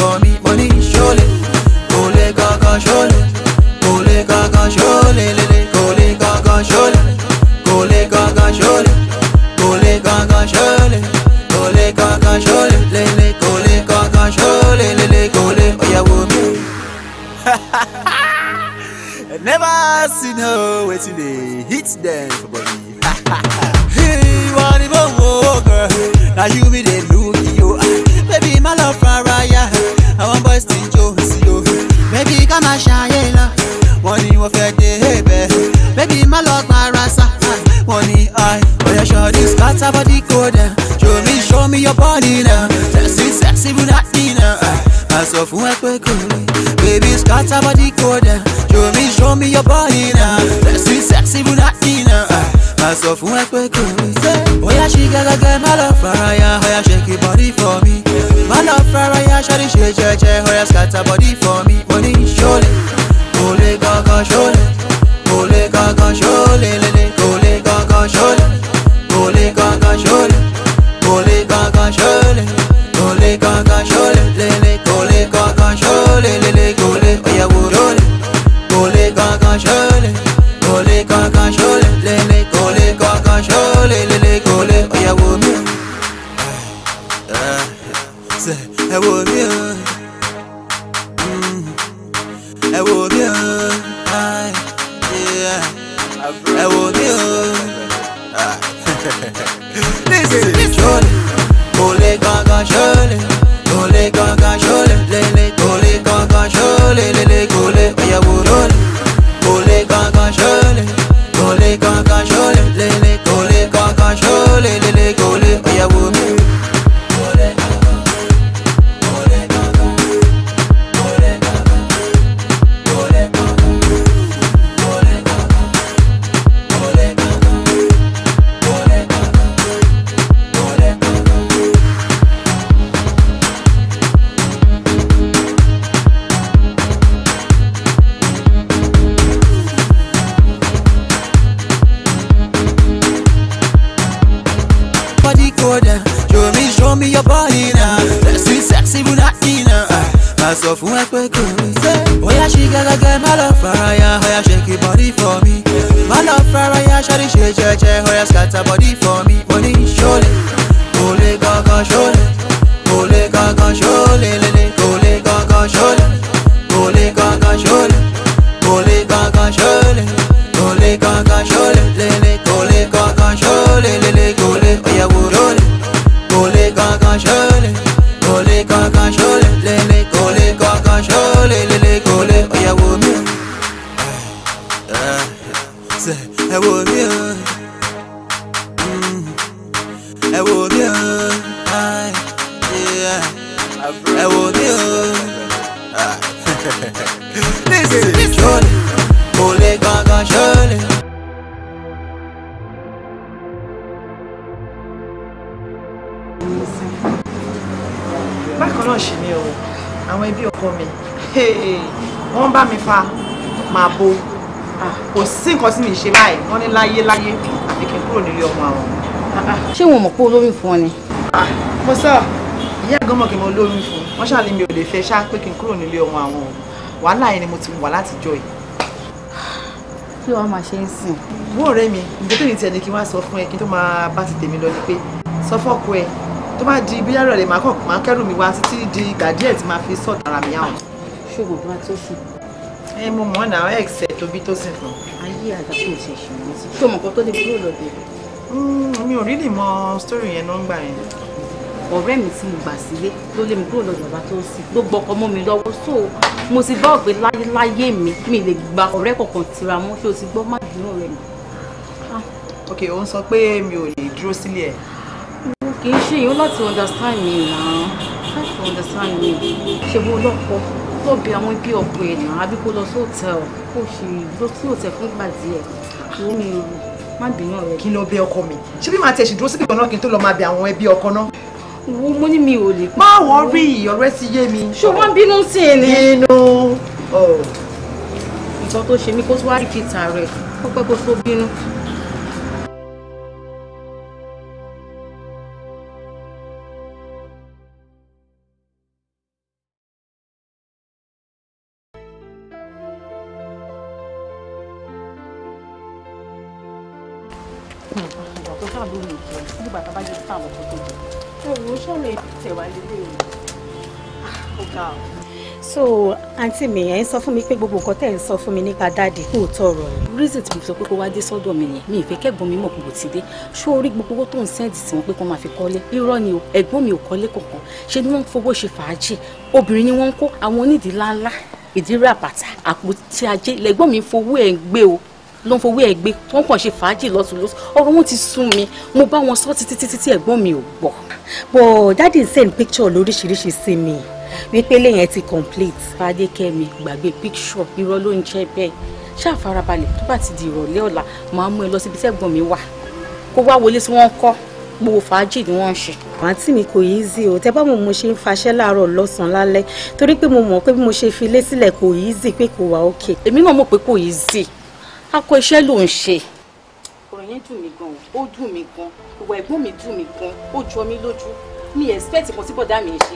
Your phone, I quick nǹkan tí mi ṣe báyìí wọ́n ní láyé láyé ni kí n kúrò nílé ọmọ àwọn. ṣé wọn mọ̀ pé olóyún fún ọ ni. Ah, mo sọ ìyá àgọ́ mọ̀ kí mo lóyún fún wọn ṣáà ní mi ò lè fẹ́ ṣáà pé kí n kúrò nílé ọmọ àwọn wàhálà yẹn ni mo ti wà látijọ́ yìí. kí wàá máa ṣe ń sìn. wọ́n ọ̀rẹ́ mi ǹjẹ́ tó yìí tiẹ̀ ni kí wọ́n á sọ fún ẹ kí n tó máa bá ti tèmi lọ ni pé sọ fọ́kọ ẹ tó bá di bí yàrá rẹ̀ máa kàn máa kẹ́rù mi wá títí di ìgbà díẹ̀ tí máa fi sọ̀tara mi àwọn. ṣùgbọ́n bá tó fi. ẹ mo mọ̀ ọ́nà ẹ̀ tó bí tó sìn fún. ayé àdàpọ̀ ṣe ṣe wọ́n sí tó mọ̀ kó tó lè kúrò lọ bẹ̀rẹ̀. Mm, mi ò rí lè mọ sítórì yẹn ló ń gbà yẹn. ọ̀rẹ́ mi ti gbà sílé ló lé mi kúrò lọ bàbá tó sì gbogbo ọkọ mọ́ mi lọ́wọ́ so mo ti gbọ́ pé láyé mi mi lè gba ọ̀rẹ́ kọ̀ọ̀kan tira mọ́ ṣé o ti gbọ́ má dúró mi. Ah, ok ó ń sọ pé mi ò lè dúró sílé ẹ̀. kì í ṣe èèyàn understand me náà láti understand me ṣe bó lọ́kọ̀ọ́ lọ bí àwọn ibi ọ̀pọ̀ ènìyàn àbí kó lọ sí hòtẹ́ẹ̀lì kó ṣe lọ sí hòtẹ́ẹ̀lì fún ìgbà díẹ̀ wọ́n mi rò má bínú ọ̀rẹ́. kí ló bẹ ọkọ mi ṣé bí màá tẹ̀ ṣì dúró sí ìgbọ̀nà kí n tó lọ máa bẹ àwọn ẹbí ọkọ náà. wo mo ní mi ò lè. má wọ́n rí ọ̀rẹ́ sí yé mi. ṣé wọ́n bínú sí i ni. bínú. nǹkan tó ṣe mí kó tó wá rí kìtà rẹ̀ ó pẹ́ kó tó bínú. tì mí ẹ̀ ń sọ fún mi pé gbogbo nǹkan tẹ̀ ń sọ fún mi nípa dáàdì kò tọrọ ni. reason tí mo sọ pé kó wá dé sọ́dọ̀ mi yẹn mi ìfẹ́ kẹ́gbọ́n mi mọ̀ pé mo ti dé ṣó orí gbogbo owó tó ń sẹ́ǹdì sí wọn pé kó máa fi kọ́lé irọ́ ni o ẹ̀gbọ́n mi ò kọ́lé kankan ṣé ni wọ́n ń fowó ṣe fàájì obìnrin ni wọ́n ń kó àwọn onídìí ńláńlá ìdírí àpàtà àpótí ajé lẹ́gbọ́n mi fowó ẹ̀ ń gbé o ló ń fowó ẹ̀ gbé wọ́n kàn ṣe fàájì lọ́tùlọ́tù ọ̀rọ̀ wọn ti sún mi mo bá wọn sọ títí títí tí ẹ̀gbọ́n mi ò gbọ́. bọ̀ dáàdì send picture lóríṣiríṣi sí mi wípé lẹ́yìn ẹ ti complete fàdékẹ́mi gbàgbé picture irọ́ ló ń jẹ́ bẹ́ẹ̀ ṣáà farabalẹ̀ tó bá ti di ìrọ̀lẹ́ ọ̀la màá mú ẹ lọ síbi tẹ́gbọ̀n mi wà kó wá wọlé tí wọ́n kọ́ gbogbo fàájì ni wọ́n ń ṣe. àǹtí mi kò yí zi o tẹ bá mo mo ṣe ń faṣẹ́ láàárọ̀ lọ́sàn-án lálẹ́ torí pé mo mọ̀ pé bí mo ṣe fi ilé sílẹ̀ kò yí zi pé kò wá òkè. èmi náà mọ̀ pé kò yí zi akọ iṣẹ́ ló ń ṣe. ọ̀rọ̀ yẹn dùn mí gan ó dùn mí gan ìwà ẹ̀gbọ́n mi dùn mí gan ó jọ mí lójú mi expect kan tí mi ń ṣe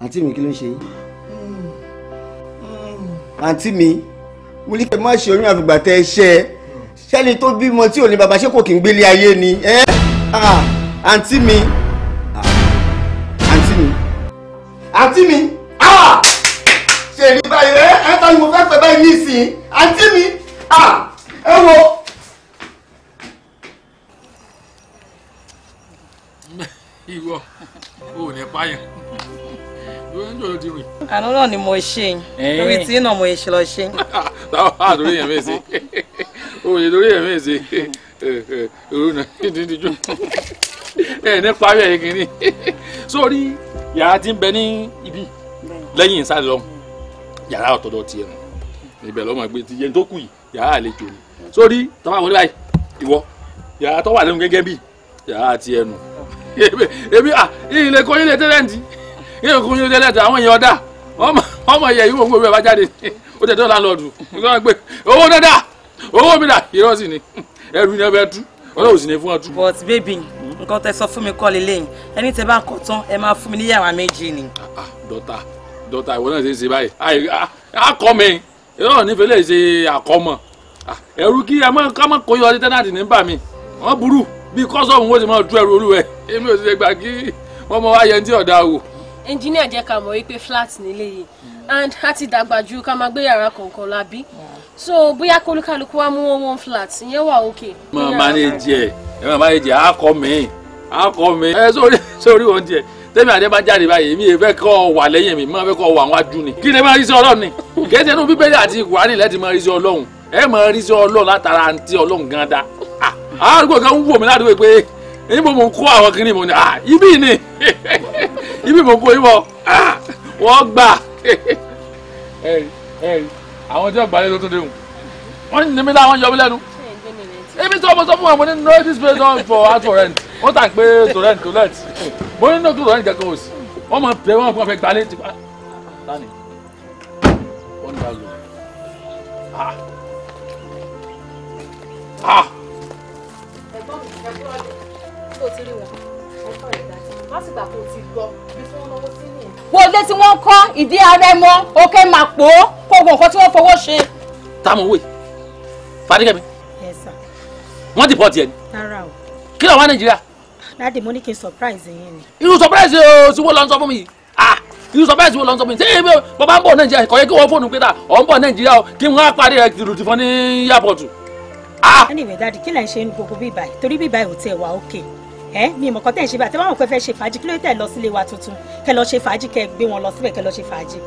àǹtí mi kí ló ń ṣe yín hmm. Hmm. àǹtí mi mo ní kẹ́ má ṣe oyún àfìgbà tẹ́ ẹ ṣe ẹ ṣẹ́ni tó bímọ tí ò ní bàbá ṣé kò kí ń gbélé ayé ni ẹ àǹtí mi àǹtí mi àǹtí mi ṣe báyìí ẹ ẹ ta ni mo fẹ́ pẹ́ báyìí nísìnyí àǹtí mi ẹ wo. ìwọ o ò ní pààyàn lórí ń jòló ti rìn. àná náà ni mo ṣe lórí tí náà mo ṣe lọ ṣe. táwọn àdúrà yẹn mèsì o ò lè lórí yẹn mèsì èrò náà kí ni díjú ẹ ní parí ẹ̀yìn kìíní sórí yàrá tí ń bẹ ní ibi lẹ́yìn ìsàlẹ̀ lọ́hùn yàrá ọ̀tọ̀dọ̀ tiẹ̀ nù ibẹ̀ lọ́mọ ẹgbẹ́ ti yẹn tó kù yìí yàrá àlejò ni sórí tọ́ba wọlé báyìí ìwọ yàrá tó wà gẹ́gẹ́ bíi yàrá tiẹ̀ nù èmi à ilé kọ́ ilé tẹ́lẹ̀ǹtì ilé kọ́ ilé tẹ́lẹ̀ǹtì àwọn èèyàn ọ̀dà ọmọ ìyẹ̀ yìí wò fún bá jáde ó tẹ̀ tó láńlọ́ọ̀dù nígbà pé owó dáadáa owó mi dà irọ́ sì ni ẹrù ni ẹ tú ọlọ́run sì ni fún ọ but baby nǹkan tẹ sọ fún mi kọ́ lélẹ́yìn ẹni tẹ bá ń kọ́ tán ẹ máa fún mi ní yàrá méjì ni. Ah, ah, dọ́tà dọ́tà ìwọ náà ṣe ń ṣe báyìí akọ ah, mi ìrọ̀ nífẹ̀ẹ́ lè ṣe àkọ́mọ̀ ẹ̀rù kí ẹ má kọ́ yọ ọdẹ tẹ́nàtì ní bà wọ́n burú bí kọ́sọ̀mù wọ́n ti máa du ẹrù olúwẹ̀ èmi ò sì lè gbà kí wọ́n mọ wá yẹn tí ọ̀dà wò. ẹnjíníà jẹ́ ká mọ̀ wípé flat nílé yìí and a ti dàgbà ju ká máa gbé yàrá kọ̀ọ̀kan lábí so bóyá kólúkálukú wa mú wọn one flat ìyẹn wà òkè. mo máa ní jẹ ẹ máa máa ní jẹ àákọ mi àákọ mi ẹ sórí sórí oúnjẹ tẹ́mi àdé bá jáde báyìí èmi èfẹ́ kọ́ wà lẹ́yìn mi máa fẹ́ kọ́ wà wá jù ni. kí ni máa rí sí ọlọ́run ni kẹ́sì ẹnu bíbélì àti kùránì lẹ́ẹ̀tì máa rí sí ọlọ́run ẹ máa rí sí ọlọ́run látara àǹtí ọlọ́run gan da àdúgbò ah, kan ń wò mí ládùúgbò pé níbo mò kó àwọn kiri mò ń ah ibi ni ibi mò kó ibọ ah wọ́n gbà. àwọn tí wọ́n ló tún dé wù wọ́n ní mi láwọn yọ mí lẹ́nu ebi tí wọ́n sọ fún wọn mo ní no this place don for out for rent wọ́n tà pé to rent to let mo ní no to rent kẹ́kọ̀ọ́ sí wọ́n máa pè wọ́n fẹ́ gbalẹ̀ tipa. wọ́n ní bá kó o ti rí wọn wo ilé tí wọ́n ń kọ́ ìdí ààrẹ mọ́ òkè máa pò ó kó ogun nǹkan tí wọ́n fowó ṣe. táàmù wò fadikẹmi wọ́n ti pọ̀ tiẹ̀ ni kí ló wá nàìjíríà. dáàdì mo ní kí n surprise yín ni. irú surprise o tí wọ́n lọ sọ fún mi yìí ah, irú surprise wo lọ sọ fún mi ṣé ebi bàbá ń bọ̀ nàìjíríà kò yẹ kí wọ́n fóònù pé ta ọ̀ ń bọ̀ nàìjíríà o kí wọ́n á parí ẹ̀ tìrù tìfọ́n ní airport. Ah! anyway dáàdì kí lẹ́ ń ṣe gbogbo bíbáyìí torí bíbáyìí ò tiẹ̀ wà ókè. Okay ẹ mi mọ̀kọ́ tẹ̀ ń ṣe bá àti báwọn pẹ́ fẹ́ ṣe fàájì kí ló tẹ̀ lọ sílé wa tuntun kẹ lọ ṣe fàájì kẹ gbé wọn lọ síbẹ̀ kẹ lọ ṣe fàájì.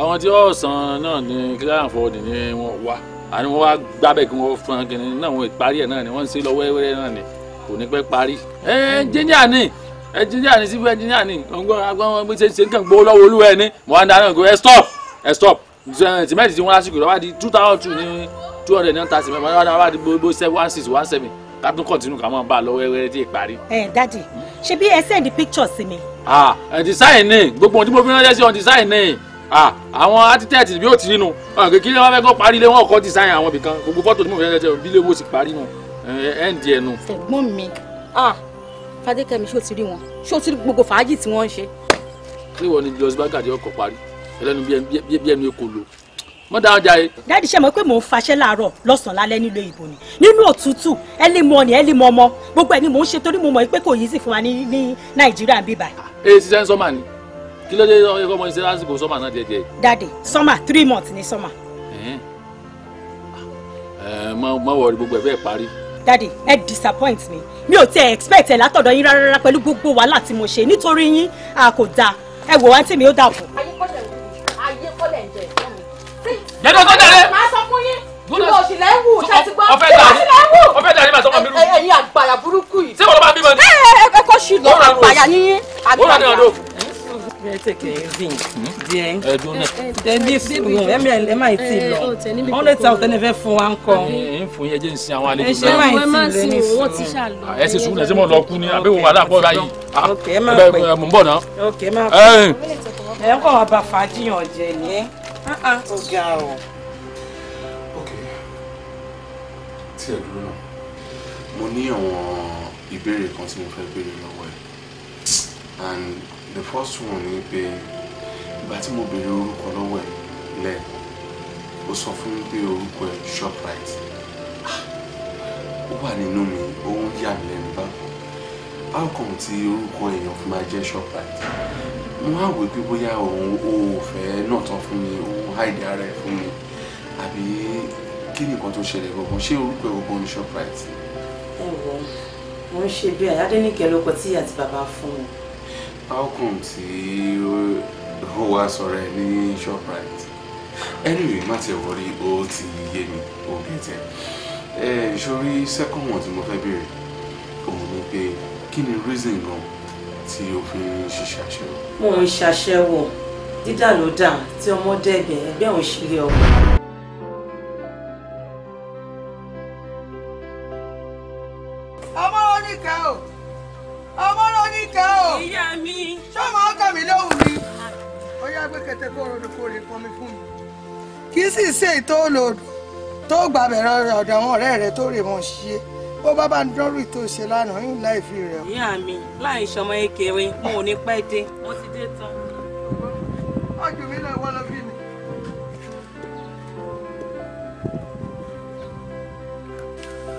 àwọn tí wọ́n san náà ni kíláyàn fọwọ́dì ni wọ́n wá àní wọ́n wá gbábẹ́ kí wọ́n fún akẹ́ni náà wọ́n parí ẹ̀ náà ni wọ́n ń ṣe lọ wẹ́rẹ́wẹ́rẹ́ náà ni kò ní pẹ́ parí. ẹ ẹ jíjà ni ẹ jíjà ni sífẹ́ jíjà ni ọgbọ́n agbọ́n bí ṣe ṣe nǹkan gbowó lọ́wọ́ olúwa ẹni mo wá ń darí ọ̀gbọ́n ẹ stop ẹ stop tìmẹ́tì tí wọ́n lásìkò lọ́wọ́ ká tún kọ̀tínú ká máa bá a lọ wẹ́rẹ́wẹ́rẹ́ tí ì parí. ẹ dadi ṣe bí ẹ send picture sí mi. ah ẹ ti sáyìn ní gbogbo ohun tí mo fi ránṣẹ́ sí ọ ti sáyìn ní ah àwọn architect bí ó ti rínu kékeré wọn fẹ́ kọ́ parí lé wọn kọ́ ti sáyìn àwọn ibìkan gbogbo fọ́tò tí mo fi ránṣẹ́ sí ọ bí léwo sì parí nu ẹ ń di mi fadékẹ́mi ṣó ti rí wọn ṣó ti rí gbogbo fàájì tí wọ́n ń ṣe. ṣé ìwọ ni jọ́sibákàdé ọkọ̀ parí ẹlẹ́nu bí ẹnu ekò lò mọ dáhùn jàre. dáàdi ṣe mọ̀ pé mò ń faṣẹ́ láàárọ̀ lọ́sàn-án lálẹ́ nílò ìbò ni nínú òtútù ẹ lè mọ ni ẹ lè mọ ọmọ gbogbo ẹ ni mò ń ṣe torí mo mọ̀ pé kò yí sí fún wa ní nàìjíríà bíbá. ẹ ẹ ṣiṣẹ́ ń sọ́mà ni kí ló dé ọkọ ọmọ iṣẹ́ lásìkò sọ́mà náà jẹjẹ. dáàdi sọ́mà three months ni sọ́mà. ẹ ẹ mọ wọrí gbogbo ẹ fẹ́ parí dáàdì ẹ disappoint mi mi ò tiẹ̀ expect ẹ látọ̀dọ̀ yín rárá pẹ̀lú gbogbo wàhálà tí mo ṣe nítorí yín a kò dáa ẹ wò wá tí mi ó dà fún ẹ tó tó tẹ̀lé. màá sọ fún yín ìwọ òṣìlẹ̀ ń wù ṣe ti gbọ́ ìwọ òṣìlẹ̀ ń wù. ọfẹ tẹ àdìmọ sọmọ mi rú. ẹ̀yin àgbàyà burúkú yìí. ṣé wọn bá bímọ ni. ẹ ẹ ẹ kó sì lọ àgbàyà níyín. wọ́n rà ní ọ̀dọ́. ẹ tẹkẹ ẹvin díẹ̀ ẹ ní sùúrù ẹ má ti lọ wọn lè ta òtẹ́ni fẹ́ fún wa ń kọ. ẹ ń fún yẹn jẹ́ ìsìn àwọn àlejò eh, náà. ẹ má ti lè ní sùúrù. ẹ ṣe sùúrù ẹsẹ̀ mọ̀ lọ kú ni àbí wò wà láàbọ̀ báyìí. Ah, ok ẹ má pẹ́ ok ẹ má eh. pẹ́ ẹ ń kọ́ wọn bá fàájì yàn jẹ ni. Eh? Ah, ah. ó ga o. ok tí ẹ dúró náà mo ní àwọn ìbéèrè kan tí mo fẹ́ béèrè and the first one ni pé ìgbà tí mo béèrè orúkọ lọ́wọ́ ẹ̀ lẹ́ẹ̀kan ó sọ fún mi pé orúkọ Shoprite ah, ó wà nínú mi ó ń yà mí lẹ́nu bákan how come tí orúkọ èèyàn fi máa jẹ́ Shoprite mo wá wò pé bóyá òun ò fẹ́ náà tán fún mi òun háìdí ara ẹ̀ fún mi àbí kí ni nǹkan tó ṣẹlẹ̀ gbọ̀ngàn ṣé orúkọ ẹ̀ gbọ̀ngàn ní shoprite. ẹ wọ mo ṣe bí Adéníkẹ lóko tí àti bàbá fún mi. how come tí ó wá sọ̀rọ̀ ẹ ní shoprite anyway má ti wọrí ó ti yé mi ó gẹ̀tẹ̀ ẹ ṣorí second one tí mo fẹ́ béèrè òun ni pé kí ni reason gan-an tí o fi ṣiṣẹ́ aṣẹ́wó. mo ń ṣaṣẹ́wó dídà ló dà tí ọmọ dẹ̀gbẹ̀ ẹgbẹ́ òṣèré ọkọ̀. kì í sì ṣe ìtòlò tó gbàbẹ̀rẹ̀ ọ̀dọ̀ àwọn ọ̀rẹ́ rẹ tó rè wọ́n ṣe é bó bá bá ń dọ́rù tó ṣe lánàá yín láì fi rẹ̀. ìyá mi láì ṣọmọ ekeere mo ò ní pẹ́ dé mo ti dé tán. ọjọ́ mi náà wọ́n lọ bí mi.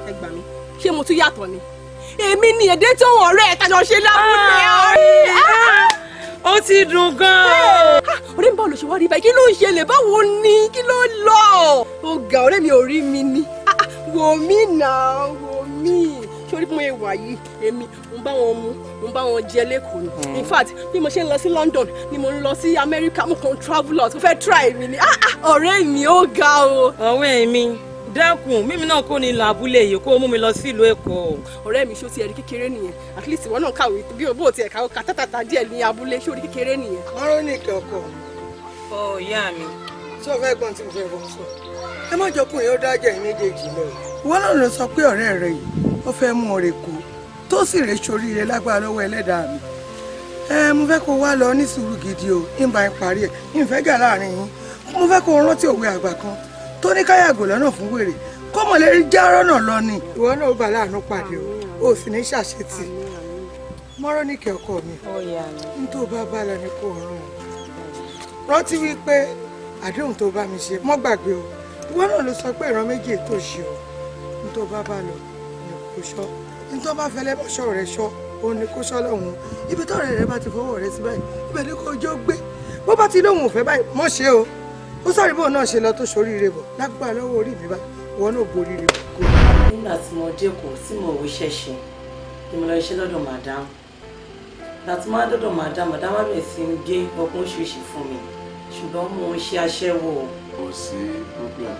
ẹ gbà mí ṣé mo tún yàtọ̀ ni èmi ni èdè tó wọ̀n rẹ̀ tàjọ ṣe láwùjọ ah, orí. Ah! ó ti dùn gan-an. Ah! ọ̀rẹ́ mi báwo ló ṣe wá rí báyìí kí ló ń ṣẹlẹ̀ báwo ni kí ló lọ. ó ga ọ̀rẹ́ mi ò rí mi ni wò mí nà wò mi sórí bí mo ṣe wà yìí èmi mo bá wọn mu mo bá wọn jẹ lẹ́kọ̀ọ́ ni hmm. in fact bí mo ṣe ń lọ sí London ni mo ń lọ sí America mo kàn travel out mo fẹ́ try mi ni ah, ah, ọ̀rẹ́ mi ó ga o. ọ̀wẹ́ mi dẹ́kun mímí náà kò ní lọ abúlé yìí kó mú mi lọ sílùú èkó. ọ̀rẹ́ mi ṣó ti ẹ̀rí kékeré nìyẹn at least ìwọ náà kàwé bí o bó tiẹ̀ kàwé kàtàtàtà díẹ̀ ní abúlé ṣó rí kékeré nìyẹn. mọ́rọ́ ní ìkẹ́ ọkọ. ọ ìyá mi. sọ fẹ́ gbọ́n tí mo fẹ́ bọ́ sọ. ẹ má jọ ó dájẹ́ méjèèjì lọ wọ́n náà lọ sọ pé ọ̀rẹ́ rẹ yìí ó fẹ́ mú ọ̀rẹ́ kó tó sì rè soríire lágbára lọ́wọ́ ẹlẹ́dàá mi ẹ mo fẹ́ kó wá lọ ní sùúrù gidi o ìbá ń parí ẹ̀ ìfẹ́ gà láàrin yín mo fẹ́ kó rántí òwe àgbà kan tó ní káyàgò lọ́nà fún wèrè kó mọ̀ lérí já rọ́nà lọ ni ìwọ náà ó bá láàánú pàdé o ò sì ní ṣàṣetì mọ́rọ́ ní kẹ́ ọkọ mi n tó bá bá lọ ní kó ọ̀run rántí wípé àdéhùn tó bá mi ṣe mọ́ gbàgbé o ìwọ náà ló sọ pé ìran méjì ètò ìṣirò tó bá bá lọ ni kò sọ ní tó bá fẹlẹ́ bọ́ sọ rẹ̀ sọ òun ni kò sọ lọ́hùn ibi tọ́rẹ̀ rẹ bá ti fọwọ́ rẹ sí báyìí ibẹ̀ ni kò jọ gbé bó bá ti lóhùn òfẹ́ báyìí mọ̀ ṣe o ó sọ̀rọ̀ bóun náà ṣe lọ tó ṣoríire bọ̀ lágbà lọ́wọ́ orí mi báyìí wọn náà borí rẹ kò. nígbà tí mo dé kò tí mo wò iṣẹ́ ṣe ni mo lọ iṣẹ́ lọ́dọ̀ màdám láti má dọ́dọ̀ màdám màdám má bẹ̀rẹ̀ sí ń gbé ọkùnrin oṣooṣù fún mi ṣùgbọ́n mo ń ṣe aṣẹ́wó. kò sí problem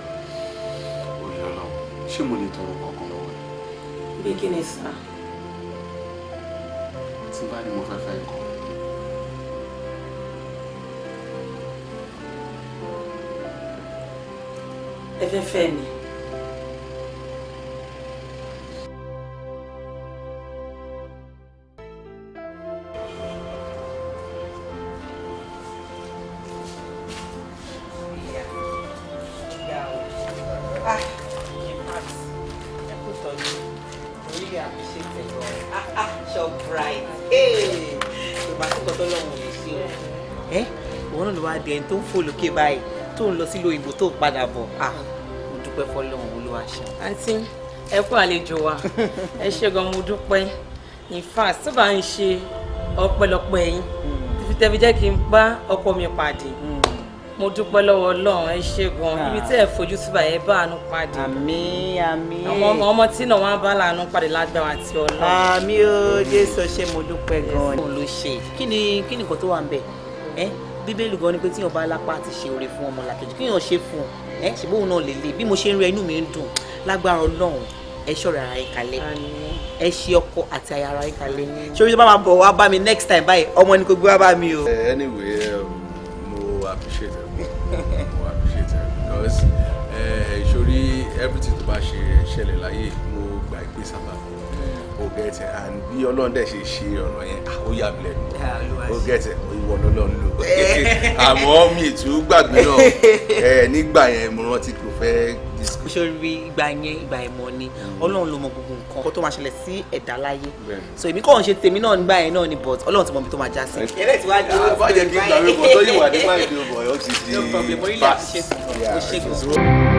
ó yọ lọ́wọ́ ṣé mo lè tọrọ kankan lọ́wọ́ ẹ. bí kí ni sá. tí bá ní mo fẹ́ fẹ́ kọ́. ẹ fẹ́ fẹ́ ni. tó ń fò lókè báyìí tó ń lọ sí lóyìnbó tó ń padà bọ̀ ah mo dúpẹ́ fọlọ́run olúwa ṣe. àǹtí ẹ kú àlejò wa ẹ ṣe gan mo dúpẹ́ in fact tó bá ń ṣe ọpẹ́lọpẹ́ yín hmm. tẹbi jẹ́ kí n bá ọkọ mi pàdé hmm. mo dúpẹ́ lọ́wọ́ Ọlọ́run ẹ ṣe gan ah. ibi tí ẹ fojú síbà ẹ bá àánú pàdé àmín àmín àwọn ọmọ tí náà wọn bá láàánú pàdé lágbára àti Ọlọ́run. àmín o Jésù ṣe mo dúpẹ́ gan ni. kí ni kí ni nǹkan tó wà ń bẹ̀ bíbélì gan ni pé tíyàn bá lápá ti ṣe oore fún ọmọlàkejì kíyàn ṣe fún ẹ ṣùgbọ́n òun náà lè le bí mo ṣe ń rẹ inú mi ń dùn lágbára ọlọ́run ẹ ṣọ́ra ara yín ẹ ṣe ọkọ àti aya ara yín kalẹ̀ ṣorí tó bá máa bọ̀ wá bá mi next time báyìí ọmọ ni kò gbé wá bá mi o. Eh, anyway um, mo appreciate it mo appreciate it because ṣorí eh, everything tó bá ṣe ṣẹlẹ̀ láyé mo gbà pé sábà o hmm. get it and bí ọlọ́run dẹ̀ ṣe ṣe ọ̀rọ̀ yẹn ah, ó yà mí lẹ́nu ah, o get it ìwọ lọ́lọ́run lò àmọ́ mi ìtú gbàgbé náà nígbà yẹn mo rántí kò fẹ́ discuss. sori ìgbà yẹn ìgbà ìmọ̀ ni hmm. ọlọ́run ló mọ gbogbo nǹkan kó tó máa ṣẹlẹ̀ sí ẹ̀dá láyé so èmi kàn ń ṣe tèmi náà nígbà yẹn náà ni but ọlọ́run ti mọ ibi tó máa já sí. ẹ̀rẹ́ ti wá di owó ìgbà yẹn. àbájẹ kí n gbàgbé kó tó yìí wà ní máìlì ọ̀bọ̀ ọ̀ ti di